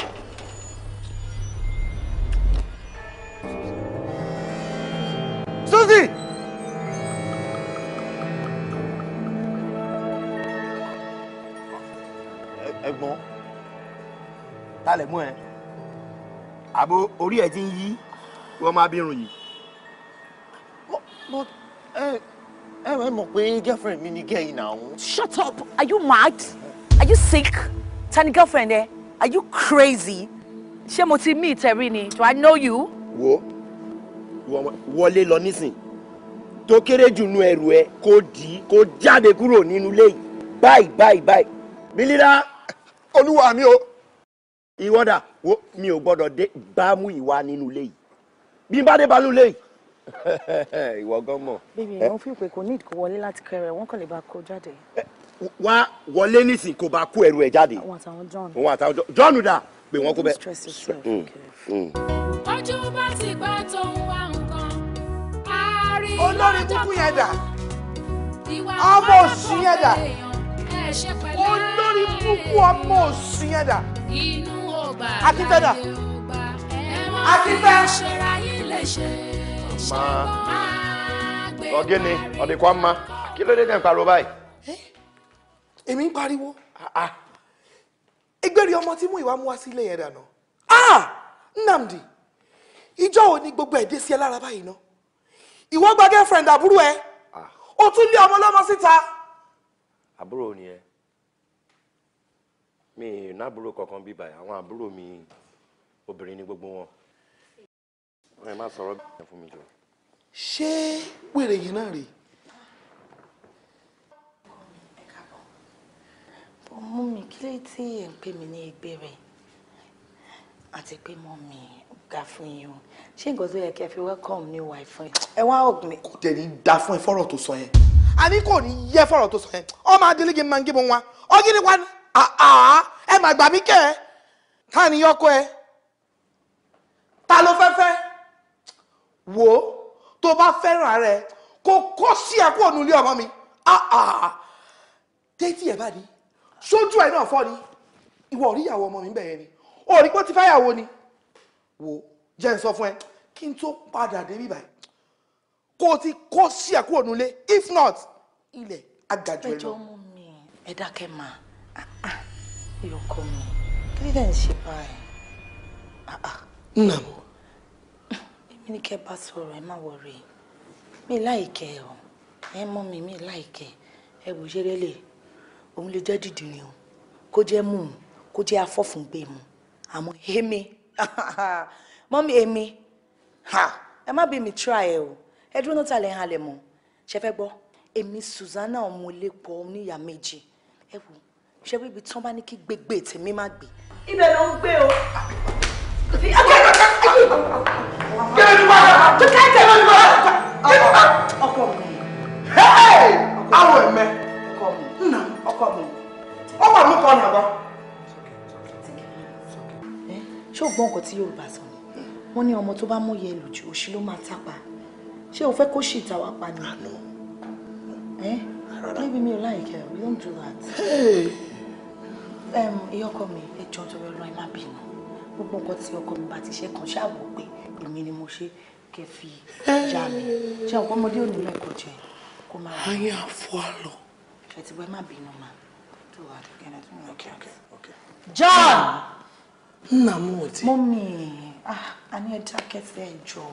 S5: kalẹ̀ mọ́ ẹ àbò orí ẹ ti ń yí wọ́n máa bí irun yìí. but
S3: ẹ ẹ mọ̀ pé girlfriend mi
S5: ni gẹ́ náà.
S1: shut up are you mad are you sick tani girlfriend ẹ are you crazy ṣé mo ti meet ẹ rí ni do i know you.
S3: wo wọlé lọ nísìn tó kéré jù nú ẹrù ẹ kó dì í kó jáde kúrò nínú ilé yìí báyìí báyìí báyìí. mílíra olúwa mi o ìwọ́dà wo mi ò gbọ́dọ̀ dé gbámú ìwà nínú ilé yìí bí n bá dé balú ilé yìí ìwọ gan mọ̀.
S1: bíbí ẹ̀ wọ́n fi pé kò ní ìdíkò wọlé láti kẹrẹ wọ́n kàn lè bá kó jáde.
S3: wá wọlé nísìn kó bá kó ẹrù ẹ̀ jáde. òun àtàwọn john. òun àtàwọn john john dà
S5: pé wọ́n kó bẹ́ẹ̀. Mm, mm.
S6: ojú bá ti gbá tóun wá nǹkan ariwo jọ́kọ̀ olórí kúkú yẹn dà ọmọ òsì yẹn
S1: dà olórí kúkú ọmọ òsì yẹn dà. inú akínfẹ́dà akínfẹ́.
S5: ọmọ ọgẹ́ni ọ̀dẹ̀kọ́ ọmọ kí ló dé tẹ̀ ń pariwo báyìí.
S1: èmi ń pariwo ìgbèrè ọmọ tí mú ìwà mú wá sílé yẹn dànù Nnamdi ìjọ wo ni gbogbo ẹ̀dẹ́ sí ẹ lára báyìí ná ìwọ gba girlfriend àbúrò ẹ o tún lé ọmọ lọ́mọ síta.
S5: àbúrò ni ẹ mi nábúrò kankan bíbà àwọn àbúrò mi obìnrin ni gbogbo wọn ẹ má sọ̀rọ̀ bí fún mi jọ.
S1: ṣé wèrè yìí náà rèé. mú mi kí lè tí ẹ̀ ń pè mí ní ẹgbẹ́ rẹ̀ àti pé mọ́ mi ga fún yín o ṣé nǹkan tó yẹ kí ẹ fi welcome new wife. fún yín. ẹ wá ọ̀gbìn. kò tẹ̀ ní da fún ẹ fọ́rọ̀ tó sọ yẹn àbí kò ní yẹ fọ́rọ̀ tó sọ yẹn ọmọ adélégé máa ń gé bọ́n wa ọgídí wa ni àá ah, ah, ẹ mà gbà mí kẹ́ ẹ ká ní yọkọ ẹ ta ló fẹ́ fẹ́ wò ó tó bá fẹ́ràn rẹ kó kó sí ẹ kúrò nílé ọmọ mi àá ah, tẹ́tí ẹ̀ bá ní sójú ẹ̀ náà fọ́ ni ìwọ ò rí ìyàwó ọmọ mi bẹ̀rẹ̀ ni ò pé ó ti fẹ́ ni wò jẹ́ n sọ fún ẹ kí n tó padà dé bíbáyìí kó ti kó sí ẹ kúrò nílé if not ilẹ̀ agàjọ ẹ lọ. ẹ jọ mú mi ẹ dákẹ́ máa ìrọ̀kọ mi kí ló dé ń ṣe báyìí. nna m. èmi ní kẹ́ bá sọ̀rọ̀ ẹ má wọrí mi láìkẹ́ ọ ẹ mọ́ mi mi láìkẹ́ ẹ wò ṣeré lè òun lè jẹ́ dìdìrín o kó jẹ́ mú un kó jẹ́ afọ́fúngbé mu àmọ́ èmi mọ́mí èmi ẹ má bí mi try ẹ o ẹ dúró náà tàlẹ́ halẹ̀ mọ́ ṣe fẹ́ gbọ́ èmi Susanna ọmọ ilé pọ̀ oníyà méjì ẹ wò ó ṣé wíbi tí wọ́n bá ní kí gbégbé tèmi má gbé. ibẹ̀ ló ń gbé o. ọkọ mi. awọ ẹmẹ. ọkọ mi. nna ọkọ mi. ọkọ mi kọ nàbọ. Eh? ṣé o gbọ́ nǹkan tí Yorùbá sọ ni wọ́n ní ọmọ tó bá mú yẹ lùjù òṣì ló máa tápa ṣé o fẹ́ kó ṣì ta wá pa ni. ẹ eh? maybe me ò láyè kẹ we don't do that. Hey ìyọkọ mi ẹjọ́ torí Ọlọ́run ẹ má bínú gbogbo nǹkan tí ọkọ mi bá ti ṣe kàn ṣáàwọ pé èmi ni mo ṣe kẹ fi já mi
S2: ṣé àwọn ọmọdé ò ní
S1: mẹkọ jẹ kó má wà. ayé àfọ àlọ. ṣètìwọ́ ẹ má bínú ma. John. nna m ò tí. mọ́mí ah, a ní ẹja kẹsẹ̀ ẹjọ́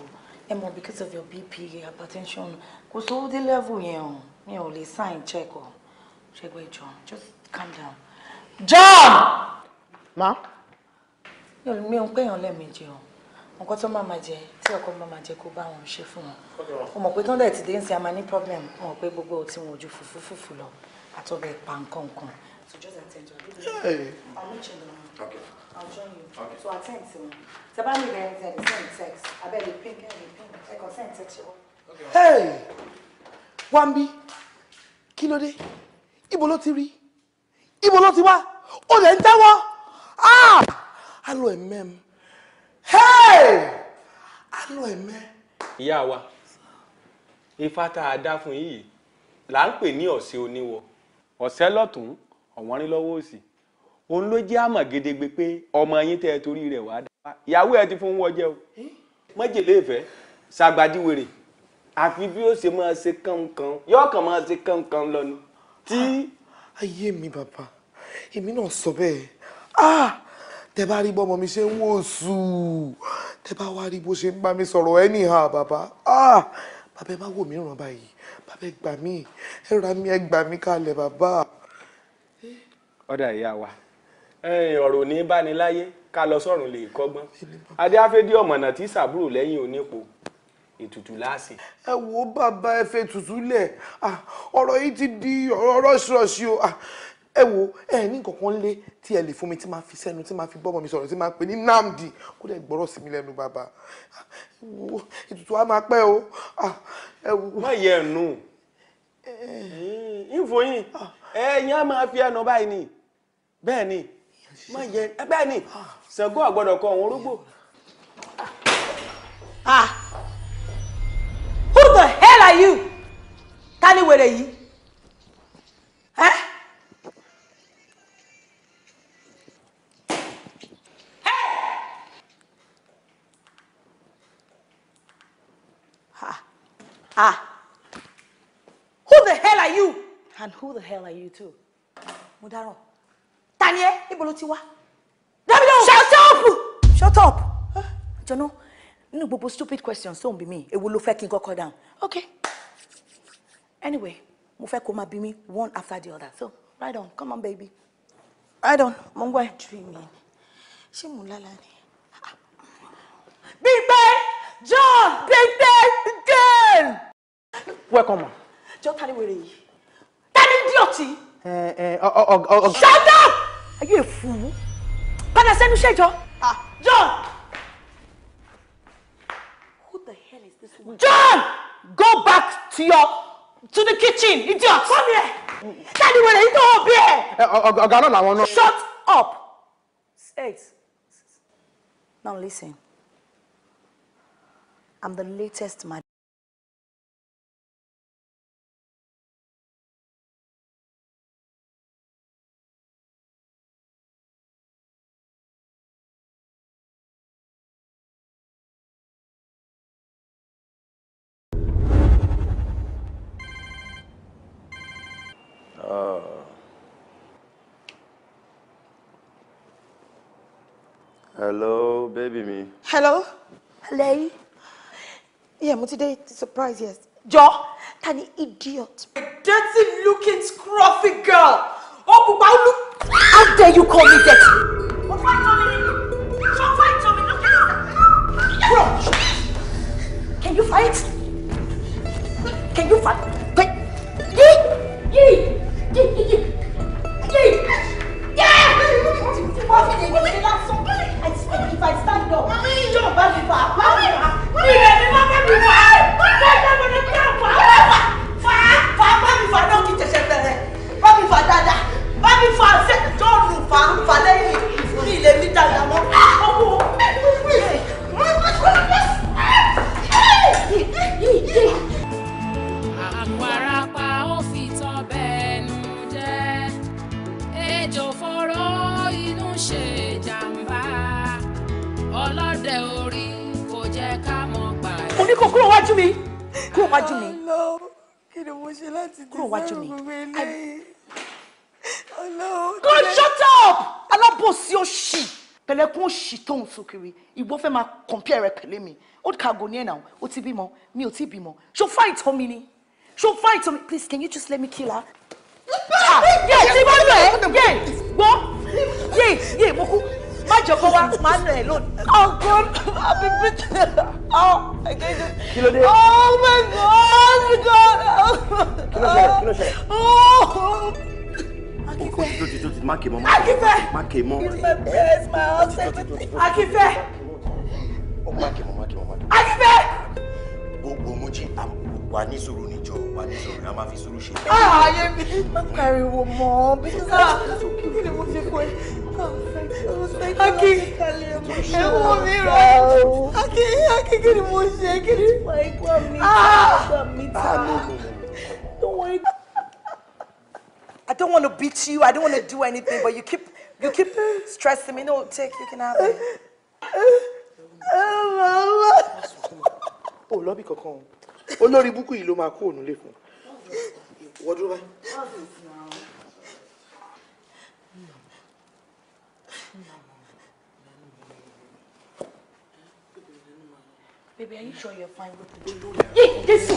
S1: ẹ mọ̀ because of your bp hypertension kò sówó dé level yẹn o mi ò lè sign check o ṣẹgbẹ́ John just calm down. John. ma. mi me mi ò ń pèèyàn lẹ́ẹ̀mejì o nǹkan tó máa ma jẹ tí ọkọ máa ma jẹ kó bá wọn ṣe fún wọn
S4: o mọ̀ pé tó ń dẹ̀
S1: a máa ní problem o mọ̀ pé gbogbo ò tí wọn ò ju fùfú fùfú lọ àtọ́bẹ̀ pan con con. so just attend to it. I'll meet you Okay. I'll join you. Okay. so attend to me. tẹ bá mi bẹ̀rẹ̀ ẹ̀ send text abẹ́ pink pink ẹ̀ kàn send text ṣe hey wambi kí ló dé ibo ló ibo ló ti wá ó lè ń tẹ́wọ́ ah! alo ẹ̀mẹ́ mi alo ẹ̀mẹ́. ìyá wa
S3: ifá tá a dá fún yìí là ń pè ní ọ̀sẹ̀ oníwọ̀ ọ̀sẹ̀ lọ́tún ọ̀wọ́n rí lọ́wọ́ òsì òun ló jẹ́ àmọ̀ gedegbe pé ọmọ yín tẹ́
S1: ẹ torí rẹ̀ wá dá ìyàwó ẹ ti fún wọn jẹ o májèlé ìfẹ́ ṣàgbàdìwèrè àfi bí ó ṣe máa ṣe kànkan yóò kàn máa ṣe kànkan lọ́nu tí. ayé mi bàbá èmi náà sọ bẹ́ẹ̀ ah tẹ bá rí bọ́mọ mi ṣe ń wò sùn tẹ bá wá rí bó ṣe ń bá mi sọ̀rọ̀ anyhow bàbá ah bàbá ẹ má wò mí ràn báyìí bàbá ẹ gbà mí ẹ ra mi ẹ gbà mí kalẹ̀ bàbá. ọ̀dà ìyá wa ọ̀rọ̀ ní bá ní láyé ká lọ sọ́run lè kọ́gbọ́n adé afẹ́dí ọ̀mọ̀nà tí sàbúrò lẹ́yìn onípo ètùtù láàsì. ẹ wo bàbá ẹ fẹ́ tutù lẹ̀ ah! ọ̀rọ̀ yìí ti di ọ̀rọ̀ rọ́ṣirọ́ṣi o ah! ẹ wo ẹ ní kankan lé tí ẹ lè fún mi tí máa fi sẹ́nu tí máa fi bọ́mọ mi sọ̀rọ̀ tí máa pè ní Nnamdi kó dẹ̀ gbọ́rọ̀ sí mi lẹ́nu bàbá ètùtù á máa pẹ́ o ẹ wo. má yẹ ẹnu ìfò yìí ẹ̀yin á máa fi ẹnu báyìí ni bẹ́ẹ̀ ni má yẹ bẹ́ẹ̀ ni Ṣàngó àgbọ̀dọ̀ kọ òun rúgbò. ah who the hell are you? ta ni wèrè yìí?
S6: and who the hell are you
S1: too mo dáràn ta ni ẹ níbo ló ti wá dábìlì shut up shut up jọ̀nà nínú gbogbo stupid questions tó ń bí mi èwo ló fẹ́ kí n kọ́kọ́ down okay anyway mo fẹ́ kó máa bí mi one after the other so ride on come on baby ride on mo ń gbọ́ ẹ. dreaming ṣé mo lálá ni. Bimpe John Bimpe Jane. welcome. ma. jọ́ tani wèrè yìí idiot. Eh, eh, Shut up! Are you a fool? Padà sẹ́nu ṣẹ́jọ́. Ah. John! Who the hell is this woman? John! Go back to your to the kitchen, idiot! Come here! Daddy, where are you going be here? Eh, ọ̀gá náà làwọn náà. Shut up! Eight.
S2: Now listen. I'm the latest madam.
S1: mo ti dé surprise yes. jọ ta ni idiot. a dirty looking scruffy girl ó pupa ó lu. how dare you call me dirty. mo fẹ́ tọ́ mi ní. tu kiri ìwọ fẹ́ máa compare rẹ pẹ̀lẹ́ mi old cargo ní ẹ̀ náà o ti bímọ mi ò ti bímọ ṣo fight on mi ni ṣo fight on mi please can you just let me kill her.
S2: yé tí mo lọ ẹ yé
S1: gbọ́ yé yé mo kú má jọ kó wá má
S2: lọ ẹ lónìí. oh god i be beaten oh i get oh, oh my god kí ló ṣẹlẹ̀ kí ló ṣẹlẹ̀. Oh,
S5: Akife. Akife. Akife.
S2: Where is my house? Akife.
S5: Akife. Gbogbo mojí wà ní sùúrù níjọ wà ní sùúrù a máa fi sùúrù ṣe. Ààyè
S1: ah, mi má pariwo
S2: mọ́ bí sá kí ni mo ṣe pé ah, Aki ẹ I don't
S1: want to beat you. I don't want to do anything, but you keep you keep stressing me. No, take. You can have it.
S2: Oh,
S1: lọ Oh, kankan. Olórí buku yìí ló máa kú onule fún. Wo dúró báyìí. Baby, are you sure you're fine with the children? Yé, Jésù!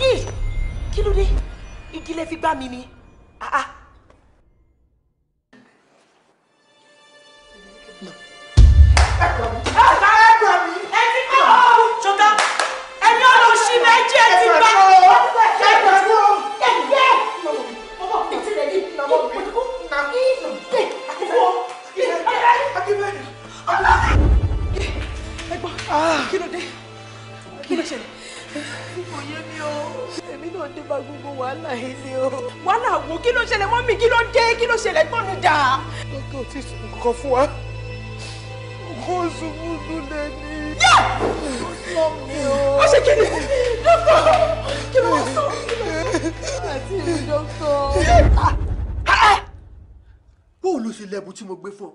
S1: Yé! Kí ló dé? Igi lẹ fi gbá mi ni kí ló dé kí ló ṣẹlẹ̀ kò yé mi o èmi náà dé bá gbogbo wàhálà yìí ni o. wàhálà wo kí ló ṣẹlẹ̀ mọ́ mi kí ló dé kí ló ṣẹlẹ̀ gbọ́n mi dà. lọ́kẹ́ ò ti sùn kankan fún wa kó ṣubú dúdẹ ni. ó ṣe kí ni
S2: dókítà
S1: kí ló wá sọ. àti ìlú dókítà. Ah! Ah! bó o ló ṣe lẹ́bùn tí mo gbé fún ọ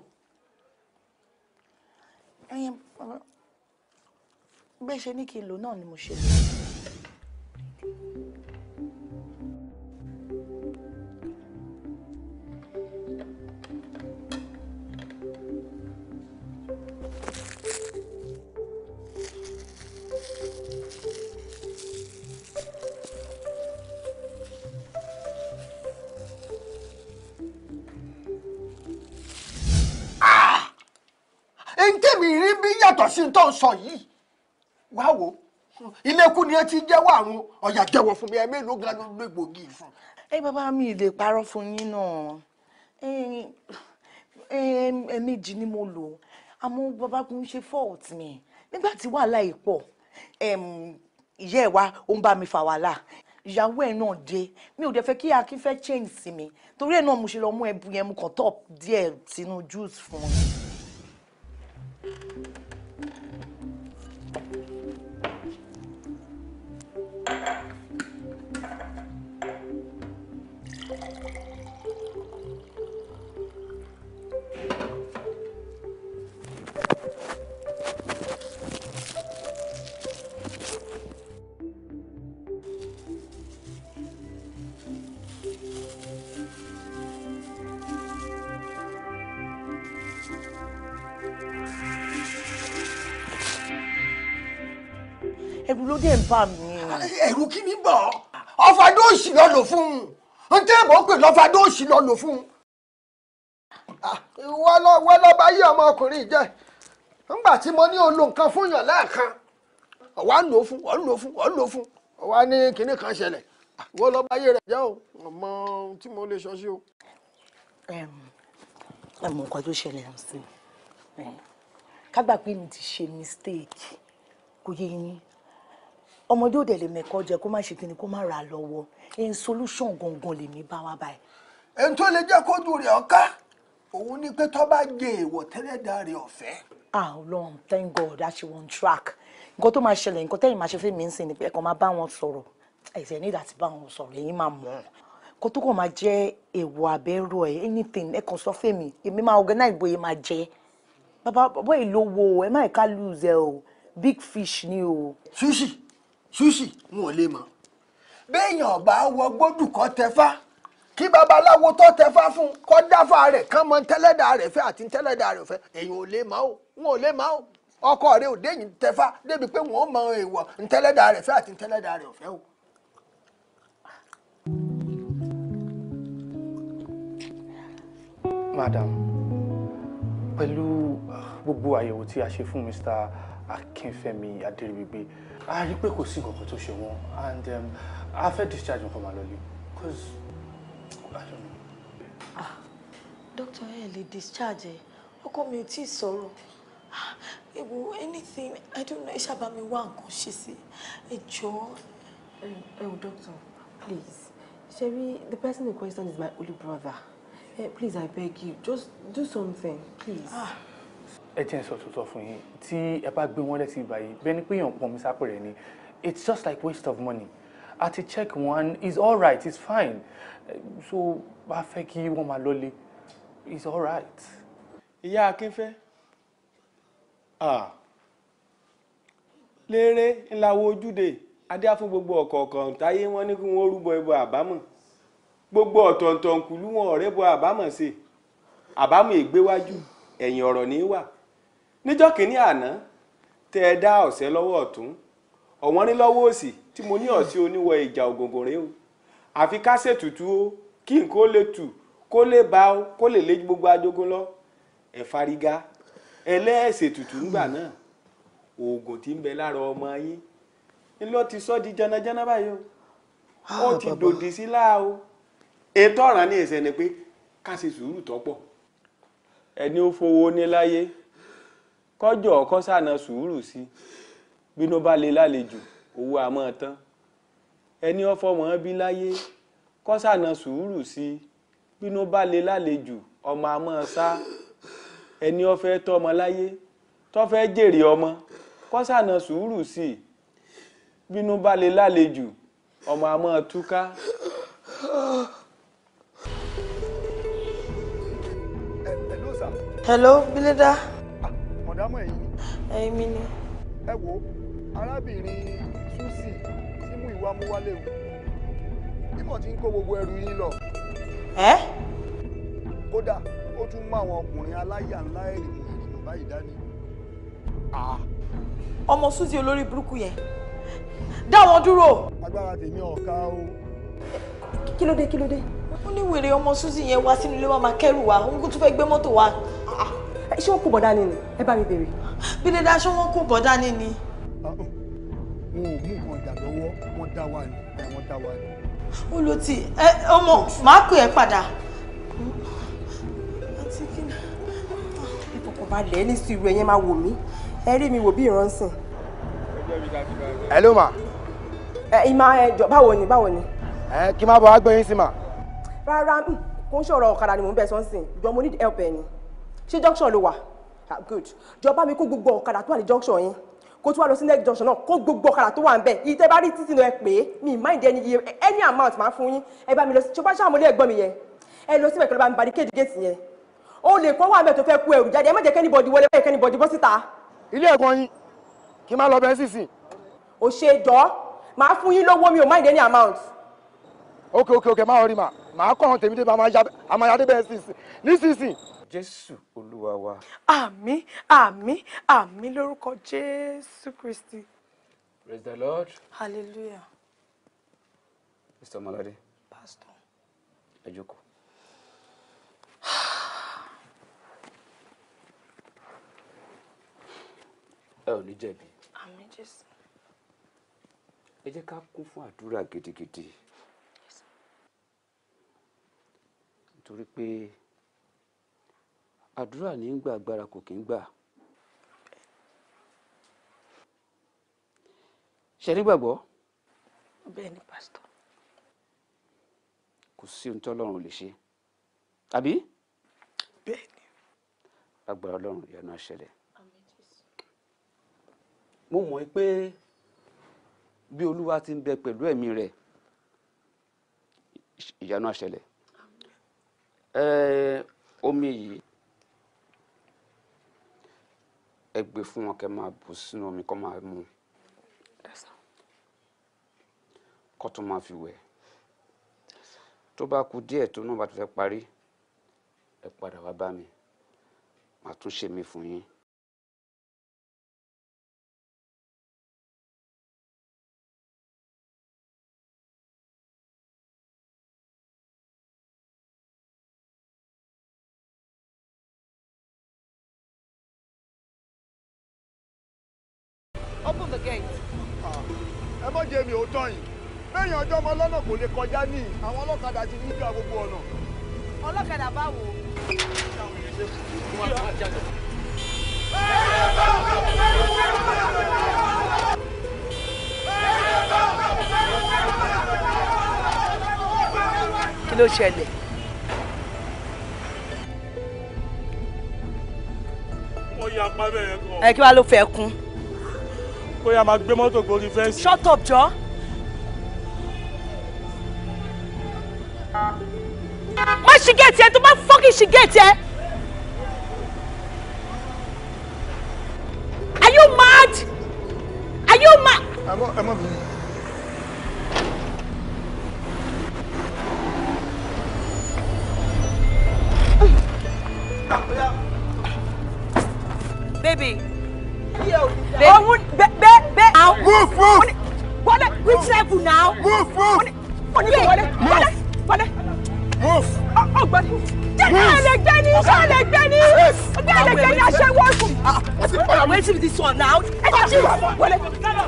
S1: bẹ́ẹ̀ ṣe ní kí n lò náà ni mo ṣe lò. Ah! ntẹ́mi rí bí yàtọ̀ sí tó ń sọ yìí wá wò ilékú ni ẹ ti jẹ́wọ́ àrùn ọ̀yà jẹ́wọ́ fún mi ẹ mélòó gan ló gbé gbòógì fún. ẹ bàbá mi lè parọ́ fún yín náà ẹ̀ẹ̀mejì ni mo lò àmọ́ bàbá kò ń ṣe fault mi nígbà tí wàhálà yìí pọ̀ ìyá ẹ̀ wa ó ń bá mi fà wàhálà ìyàwó ẹ̀ náà dé mi ò dẹ̀ fẹ́ kí akin change sí mi torí ẹ̀ náà mo ṣe lọ mú ẹbu yẹn mo kàn top díẹ̀ sínú juice fún un. bà mí. ẹ̀rù kí ni bọ̀ ọ̀fadó lọ lò fún un n tẹ́ ìbọn pè lọ́fadó lọ lò fún un. wọ́n lọ bá yí ọmọkùnrin jẹ́ nígbà tí mo ní o nǹkan fún yàn lẹ́ẹ̀kan ọ̀wá ń lò fún ọ̀ ń lò fún ọ̀ ń lò fún
S3: ọ̀wá ní kinní kan ṣẹlẹ̀ wọ́n lọ bá yé rẹ̀ jẹ́ o ọmọ tí mo lè sọ sí o.
S1: ẹ mọ nǹkan tó ṣẹlẹ̀ sí ká gbà pé mi ti ṣe mistake kò yé yín ọmọdé òde lè mẹ̀kọ́ jẹ kó má ṣe kíni kó má ra lọ́wọ́ in solution gangan lèmi bá wá báyìí. ẹni tó lè jẹ́ kójú rẹ̀ ọ̀ká òun ni pé tó bá jẹ èèwọ̀ tẹ́lẹ̀dá rẹ̀ ọ̀fẹ́. ah Ọlọ́run thank God that she won track nǹkan tó máa ṣẹlẹ̀ nǹkan tẹ́yìn máa ṣe fún mi ń ni pé ẹ̀kan máa bá wọn sọ̀rọ̀ ẹ̀sẹ̀ ní ìdàtí bá wọn sọ̀rọ̀ èyí máa mọ̀ kó tó kàn máa jẹ́ èèwọ̀ àbẹ́rò ẹ̀ anything ẹ̀kan sọ fún mi èmi máa organize bóyá máa jẹ́ bàbá bóyá ìlówó ẹ̀ má ẹ̀ka lose ẹ̀ o big fish ni o. sushi ṣúṣì wọn ò lè mọ̀ béèyàn ọba wọ gbódù kọ́ tẹfá kí babaláwo tó tẹfá fún kọ́ dáfá rẹ̀ kán mọ tẹ́lẹ̀dá rẹ̀ fẹ́ àti tẹ́lẹ̀dá rẹ̀ fẹ́ èèyàn ò lè mọ̀ o wọn ò lè mọ̀ o ọkọ rẹ̀ ò déyìn tẹfá débi pé wọn ò mọ èèwọ̀ ntẹ́lẹ̀dá rẹ̀ fẹ́ àti tẹ́lẹ̀dá rẹ̀ ò fẹ́ o.
S4: madam pẹ̀lú ah, gbogbo àyẹ̀wò tí a ṣe fún mr akínfẹ́mi adéríbigbé a rí pé kò sí nǹkan tó ṣe wọ́n
S1: and um, a fẹ́ discharge wọn kọ́ máa lọlé cause i don't know. ah doctor ẹ lè discharge ẹ ọkọ mi ò tí ì sọ̀rọ̀ ah, ewu anything i don't know ẹ ṣábà mi wá nǹkan ṣe sí ẹ jọ̀ọ́. ẹ ẹ o doctor please Sherry the person in question is my only brother eh, please i beg you just do something please. Ah
S4: ẹ jẹ́ fún yín tí ẹ bá gbé wọn lẹ́sìn báyìí bẹ́ẹ̀ ni pé èèyàn pọ̀ mi sápò ni it's just like waste of
S1: money àti check one it's all right it's fine so bá fẹ́ kí wọ́n máa lọ́lé it's all right. ìyá akínfẹ́ lérè ńlá wo ojúde adé fún gbogbo ọ̀kọ̀ọ̀kan táyé wọn ní kí wọ́n rúbọ ẹbọ àbámọ̀ gbogbo ọ̀tọ̀ọ̀tọ̀ nkùlú wọn ọ̀rẹ́ bọ àbámọ̀ ṣe àbámọ̀ ègbéwájú ẹ̀yìn ọ̀rọ̀ ní í wà níjọ́ kìíní àná tẹ ẹ dá ọ̀sẹ̀ lọ́wọ́ ọ̀tún ọ̀wọ́n ní lọ́wọ́ òsì tí mo ní ọ̀sẹ̀ oníwọ̀ ìjà ògògò rèé o àfi ká ṣètùtù o kí nǹkan ó lè tù kó lè bá o kó lè lé gbogbo ajogun lọ ẹ fárígá ẹlẹ́ẹ̀sẹ̀ tùtù ńgbà náà oògùn tí ń bẹ lára ọmọ yín ńlọ ti sọ di janajana báyìí o ah, ó ti dòdì sí láà o ètò ọ̀ràn ní ìṣẹ̀ni pé ká ṣe sùúrù tọ́pọ̀ ẹni ó fowó ní láyé kọjọ ọkọ sànà sùúrù sí bínú bá lè lálejò owó àmọ́ tán ẹni ọfọmọ bí láyé kọ sànà sùúrù sí bínú bá lè lálejò ọmọ àmọ́ sá ẹni ọfẹ tọmọ láyé tọfẹ jèrè ọmọ kọ sànà sùúrù sí bínú bá lè lálejò ọmọ àmọ́ túká. hello Bílédá mọ̀dámọ̀ ẹ̀yìn
S3: ni. ẹ̀yin mi ni. ẹ wo arábìnrin susi tí mú ìwà mú o bímọ ti ń kó gbogbo ẹrù yín lọ. ẹ. kódà ó tún mú àwọn ọkùnrin aláya ńlá ẹ̀rìn ìrìnà báyìí dání.
S1: ọmọ susi olórí burúkú yẹn dá wọn dúró.
S3: agbára tèmi ọ̀ka o.
S1: kí ló dé kí ló dé. ó ní wèrè ọmọ susi yẹn wá sínú ilé wa máa kẹ́rù wa òun kò tún fẹ́ gbé mọ́tò wa ṣé wọ́n kó bọ̀ dání ni ẹ bá mi bèrè. bídéda ṣé wọ́n kó bọ̀ dání ni. Ah, ah. wọn ò mú nǹkan ìjà lọ́wọ́ wọ́n dá wa ni wọ́n dá wa ni. olùtì ẹ ọmọ màá pè ẹ padà. ẹ fọkàn balẹ̀ ní sùúrù ẹ̀yẹn máa wò mí ẹ rí mi wò bí ìránṣẹ́. ẹ ló mà. ẹ ìmọ̀ ẹ jọ báwo ni báwo ni. ẹ kí n má bọ̀ wá gbé yín sí mà. rárá kò ń ṣọ̀rọ̀ ọ̀kadà ni mò ń bẹ̀ sọ́nsìn jọ mo ní help ẹ ni ṣé junction ló wà ah good jọba mi kó gbogbo ọ̀kadà tó wà ní junction yẹn kó tún wá lọ sí next junction náà kó gbogbo ọ̀kadà tó wà ń bẹ̀ yìí tẹ́ bá rí títì náà ẹ pé mi mind ẹni iye any amount máa fún yín ẹ bá mi lọ sí ṣọba ṣàmúlẹ̀ ẹ̀gbọ́n mi yẹn ẹ lọ síbẹ̀ kí ló bá mi barricade gate yẹn ó lè kọ́ wà mẹ́tò fẹ́ kú ẹrù jáde ẹ má jẹ́ kẹ́nìbọ̀dì wọlé ẹ kẹ́nìbọ̀dì bọ́ síta. ilé ẹ̀kọ́ yín kí n má lọ bẹ́ẹ̀ sísìn. ò ṣe jọ máa fún yín lówó mi ò má ìdẹ́ni amount. ok ok ok máa rí ma máa kọ́ ọ̀hún tèmi dé bá a máa yá dé bẹ́ẹ̀ sísìn nísinsìn jésù olúwa wa. àmín àmín àmín lórúkọ jésù kristi. praise the lord. hallelujah.
S2: mr malade. pastor. ẹ jókòó.
S1: ẹ ò ní jẹ̀bi.
S6: àmín jésù.
S1: ẹ jẹ́ ká kún fún àdúrà gidigidi. nítorí pé. Yes àdúrà ní ń gbà agbára kò kí ń gbà. ṣe ní gbàgbọ́. bẹ́ẹ̀ ni pásítọ̀. kò sí ohun tí ọlọ́run lè ṣe àbí. bẹ́ẹ̀ ni. agbára ọlọ́run ìyanu á mo mọ̀ pé bí olúwa ti ń bẹ
S3: pẹ̀lú ẹ̀mí rẹ̀ ìyanu á ṣẹlẹ̀. omi yìí ẹ
S1: gbé fún wọn kẹ máa bù sínú omi kọ máa mú kọ tó máa fi wẹ̀ tó bá ku díẹ̀ tó náà bá tó fẹ́ parí
S2: ẹ padà wá bá mi màá tún ṣe mí fún yín.
S1: ọmọ ọlọ́nà kò lè kọjá ní àwọn ọlọ́kadà ti ń gba gbogbo ọ̀nà. ọlọ́kadà báwo. kí ló ṣẹlẹ̀. ẹ kí wàá ló fẹ́ kún. bóyá máa gbé mọ́tò gorí fẹ́ǹsì. shut up jọ. What she géètì ẹ tó bá fọ́kì ṣì géètì ẹ. Are you mad? Are you mad? ẹ mọ ẹ mọ What is this one now? Wọlé wọlé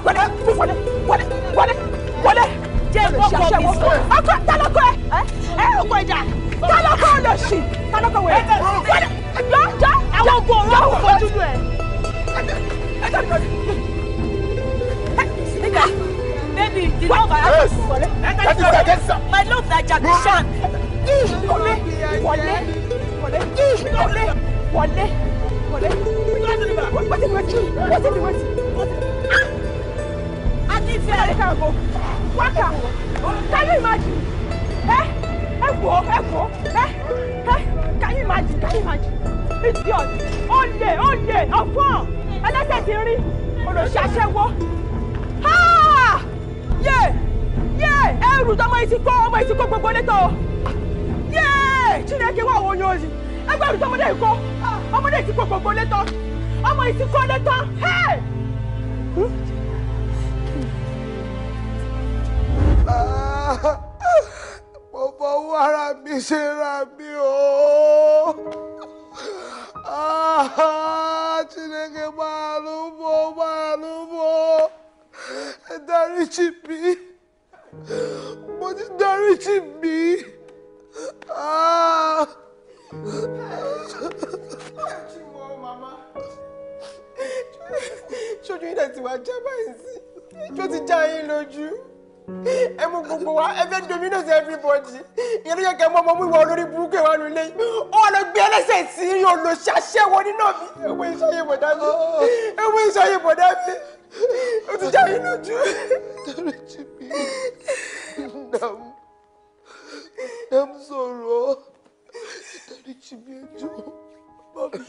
S1: wọlé wọlé wọlé wọlé. Jẹ́ ìkọ̀kọ̀ mi sọ. Ọkọ tálọ́kọ̀
S2: ẹ̀ ẹ̀ ọkọ ìjà tálọ́kọ̀
S1: olóṣì tálọ́kọ̀ wẹ̀. Wọlé lọ jọ àwọn ògùn ọ̀rọ̀ àwọn òfojú lu ẹ̀. Nígbà bébì di lọ́ọ̀bà àkókò wọlé. My love na Jackie Chan. Wọlé wọlé wọlé wọlé ọmọdé wọ́n ti pẹ̀ jù wọ́n ti pẹ̀ jù. àti ìfẹ́ can you imagine ẹ ẹ wọ ẹ wọ ẹ ẹ can you imagine can you imagine idiot olè olè ọ̀fọ́n ẹlẹ́sẹ̀ ti rí olùṣẹ́ aṣẹ́wó yé yé ẹrù tọmọ yìí ti kó ọmọ yìí ti kó gbogbo létọ yé Chineke wà wọ́n yóò yìí ẹgbẹ́ ẹrù tọmọdé yìí dẹ̀ ti kó gbogbo lé ọmọ yìí ti kó lé tán. mo fọwọ́ ara mi ṣe ra mi o. Ah, Chineke máa ló bọ́ máa ló bọ́ ẹ dáríjì mi mo ti dáríjì mi. Ah! ṣojú yín náà ti já báyìí sí
S2: tó ti já yín
S1: lójú ẹ mú gbogbo wa ẹ domino sí everybody ìyẹn ló mọ́ mú ìwà olórí burúkú ìwà nù lé ọ̀nà ẹlẹ́sẹ̀ sí yóò lò ṣàṣẹ́wọ́ nínú mi ẹ̀wọ́ ìṣàyè bọ̀dá mi ẹ̀wọ́ ìṣàyè bọ̀dá mi ó ti já yín lójú. dáríjì sọ̀rọ̀ dáríjì mi ẹjọ́ bàbá mi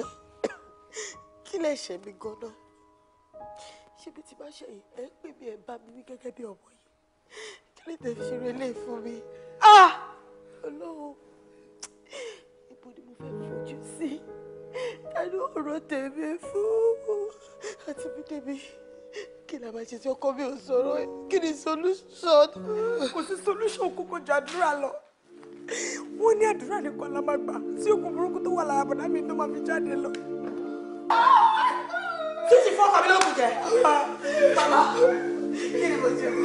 S1: kí lè ṣe mí gan-an ṣébi tí bá ṣe yìí ẹ ń pè mí ẹ bá mi ní gẹ́gẹ́ bí ọmọ yìí kí lè tẹ̀ fi relé fún mi ọlọ́run ibo ni mo fẹ́ fojú sí tani ọ̀rọ̀ tẹ̀mí fún àti mi tẹ̀mí kí ni àbájẹ tí ọkọ mi ò sọ̀rọ̀ kí ni solution kò sí solution kókó jàdúrà lọ wọ́n ní àdúrà nìkan la tí òkun burúkú tó wà lára bọ̀dá mi tó máa fi jáde lọ. fífi fọ́ kàmí lókun jẹ. Ah.
S2: bàbá kí ni mo ṣe mo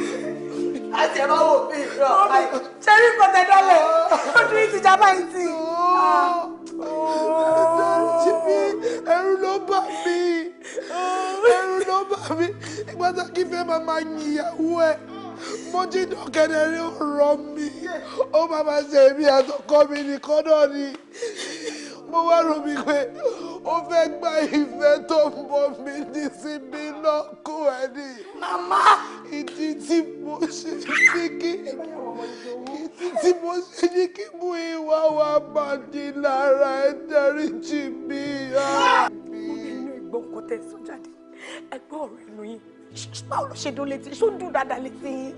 S1: àti ẹ̀ wò bí ìrọ̀ àìkú. ṣé pọ̀tẹ́ dálẹ̀ ó dún ní tìjà báyìí sí i ti mi ló bà mí ẹ̀rù ló bà mí ìgbà fẹ́ máa máa yìyàwó ẹ̀ mo jí dọ̀kẹ́dẹ́ rí ọ̀rọ̀ mi ó máa ma ṣe èmi àtọkọ mi nìkan náà ni mo wá rò mí pé ó fẹ́ gba ìfẹ́ tó ń bọ̀ mí ní síbi náà kú ẹ ní. màmá. ìdí tí mo ṣe ní kí ìdí tí mo ṣe ní kí mú ìwà wa máa di lára ẹ jì mí. mo nínú ìgbọ́n kò tẹ̀ sójáde ẹgbẹ́ ọ̀rọ̀ ẹnu yìí báwo ló ṣe dún létí ṣó dún dáadáa létí yín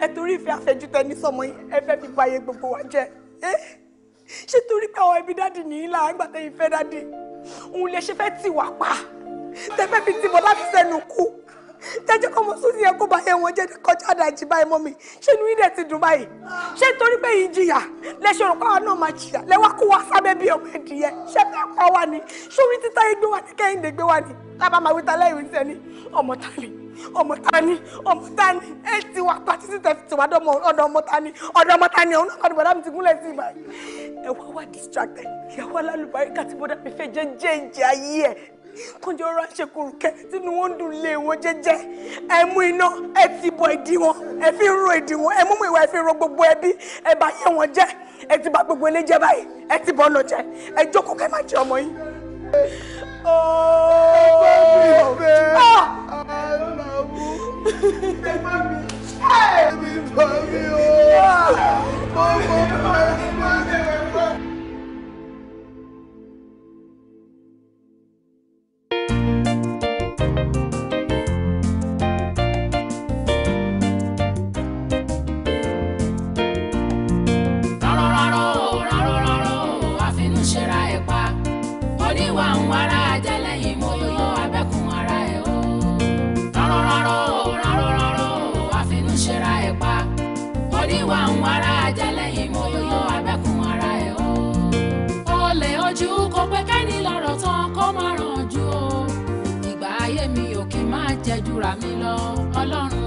S1: ẹ torí ìfẹ́ àfẹ́jú tẹni sọmọ yín ẹ fẹ́ fi báyé gbogbo wa jẹ́ ṣé torí pé àwọn ẹbí dádì nìyí là ń gbàtẹ́ ìfẹ́ dádì òun lè ṣe fẹ́ tì wá pa tẹ́fẹ́ fi tìbọ̀ láti sẹ́nu kú tẹ́jọ́ kọ́ mọ sósì yẹn kó ba yẹn wọn jẹ́ kọjá àdájì báyìí mọ́ mi ṣé inú ilẹ̀ ti dùn báyìí ṣé torí pé yìí jìyà lẹ́sẹ̀ òrùka wa náà máa jìyà lẹ́wà kó wa sábẹ́ bí ọmọ ẹ̀dìyẹ ṣé bí apá wa ni sórí títa igbó wa ni kẹ́hìndé gbé wa ni lábàá máa wí ta lẹ́yìn oníṣẹ́ ni ọmọ ta ni ọmọ ta ni ọmọ ta ni ẹ ti wá pàtí sí tẹ̀sítì wá ọ̀dọ̀ ọmọ ta ni ọ̀dọ̀ ọmọ ta ni ọ̀hún náà bọ̀dá mi ti gúnlẹ̀ sí ibà ẹ wá wá distracted ìyàwó alálùbáríkà tí bọ́dá mi fẹ́ jẹ́ jẹ́ ìjẹ́ ayé ẹ̀ kọjọ ránṣẹ́ kùrùkẹ́ tínú wọn dùn lé wọn jẹ́jẹ́ ẹ mú iná ẹ ti bọ ìdí ẹ fi ń ro ìdí ẹ mú ìwà ẹ fi ro gbogbo ẹbí ẹ bá yẹ wọn jẹ ẹ ti bà gbogbo ilé jẹ́ báyìí ẹ ti bọ ọ̀nà jẹ ẹ jókòó kẹ́ má jẹ ọmọ yìí. Oh,
S6: mi lọ ọlọ́run.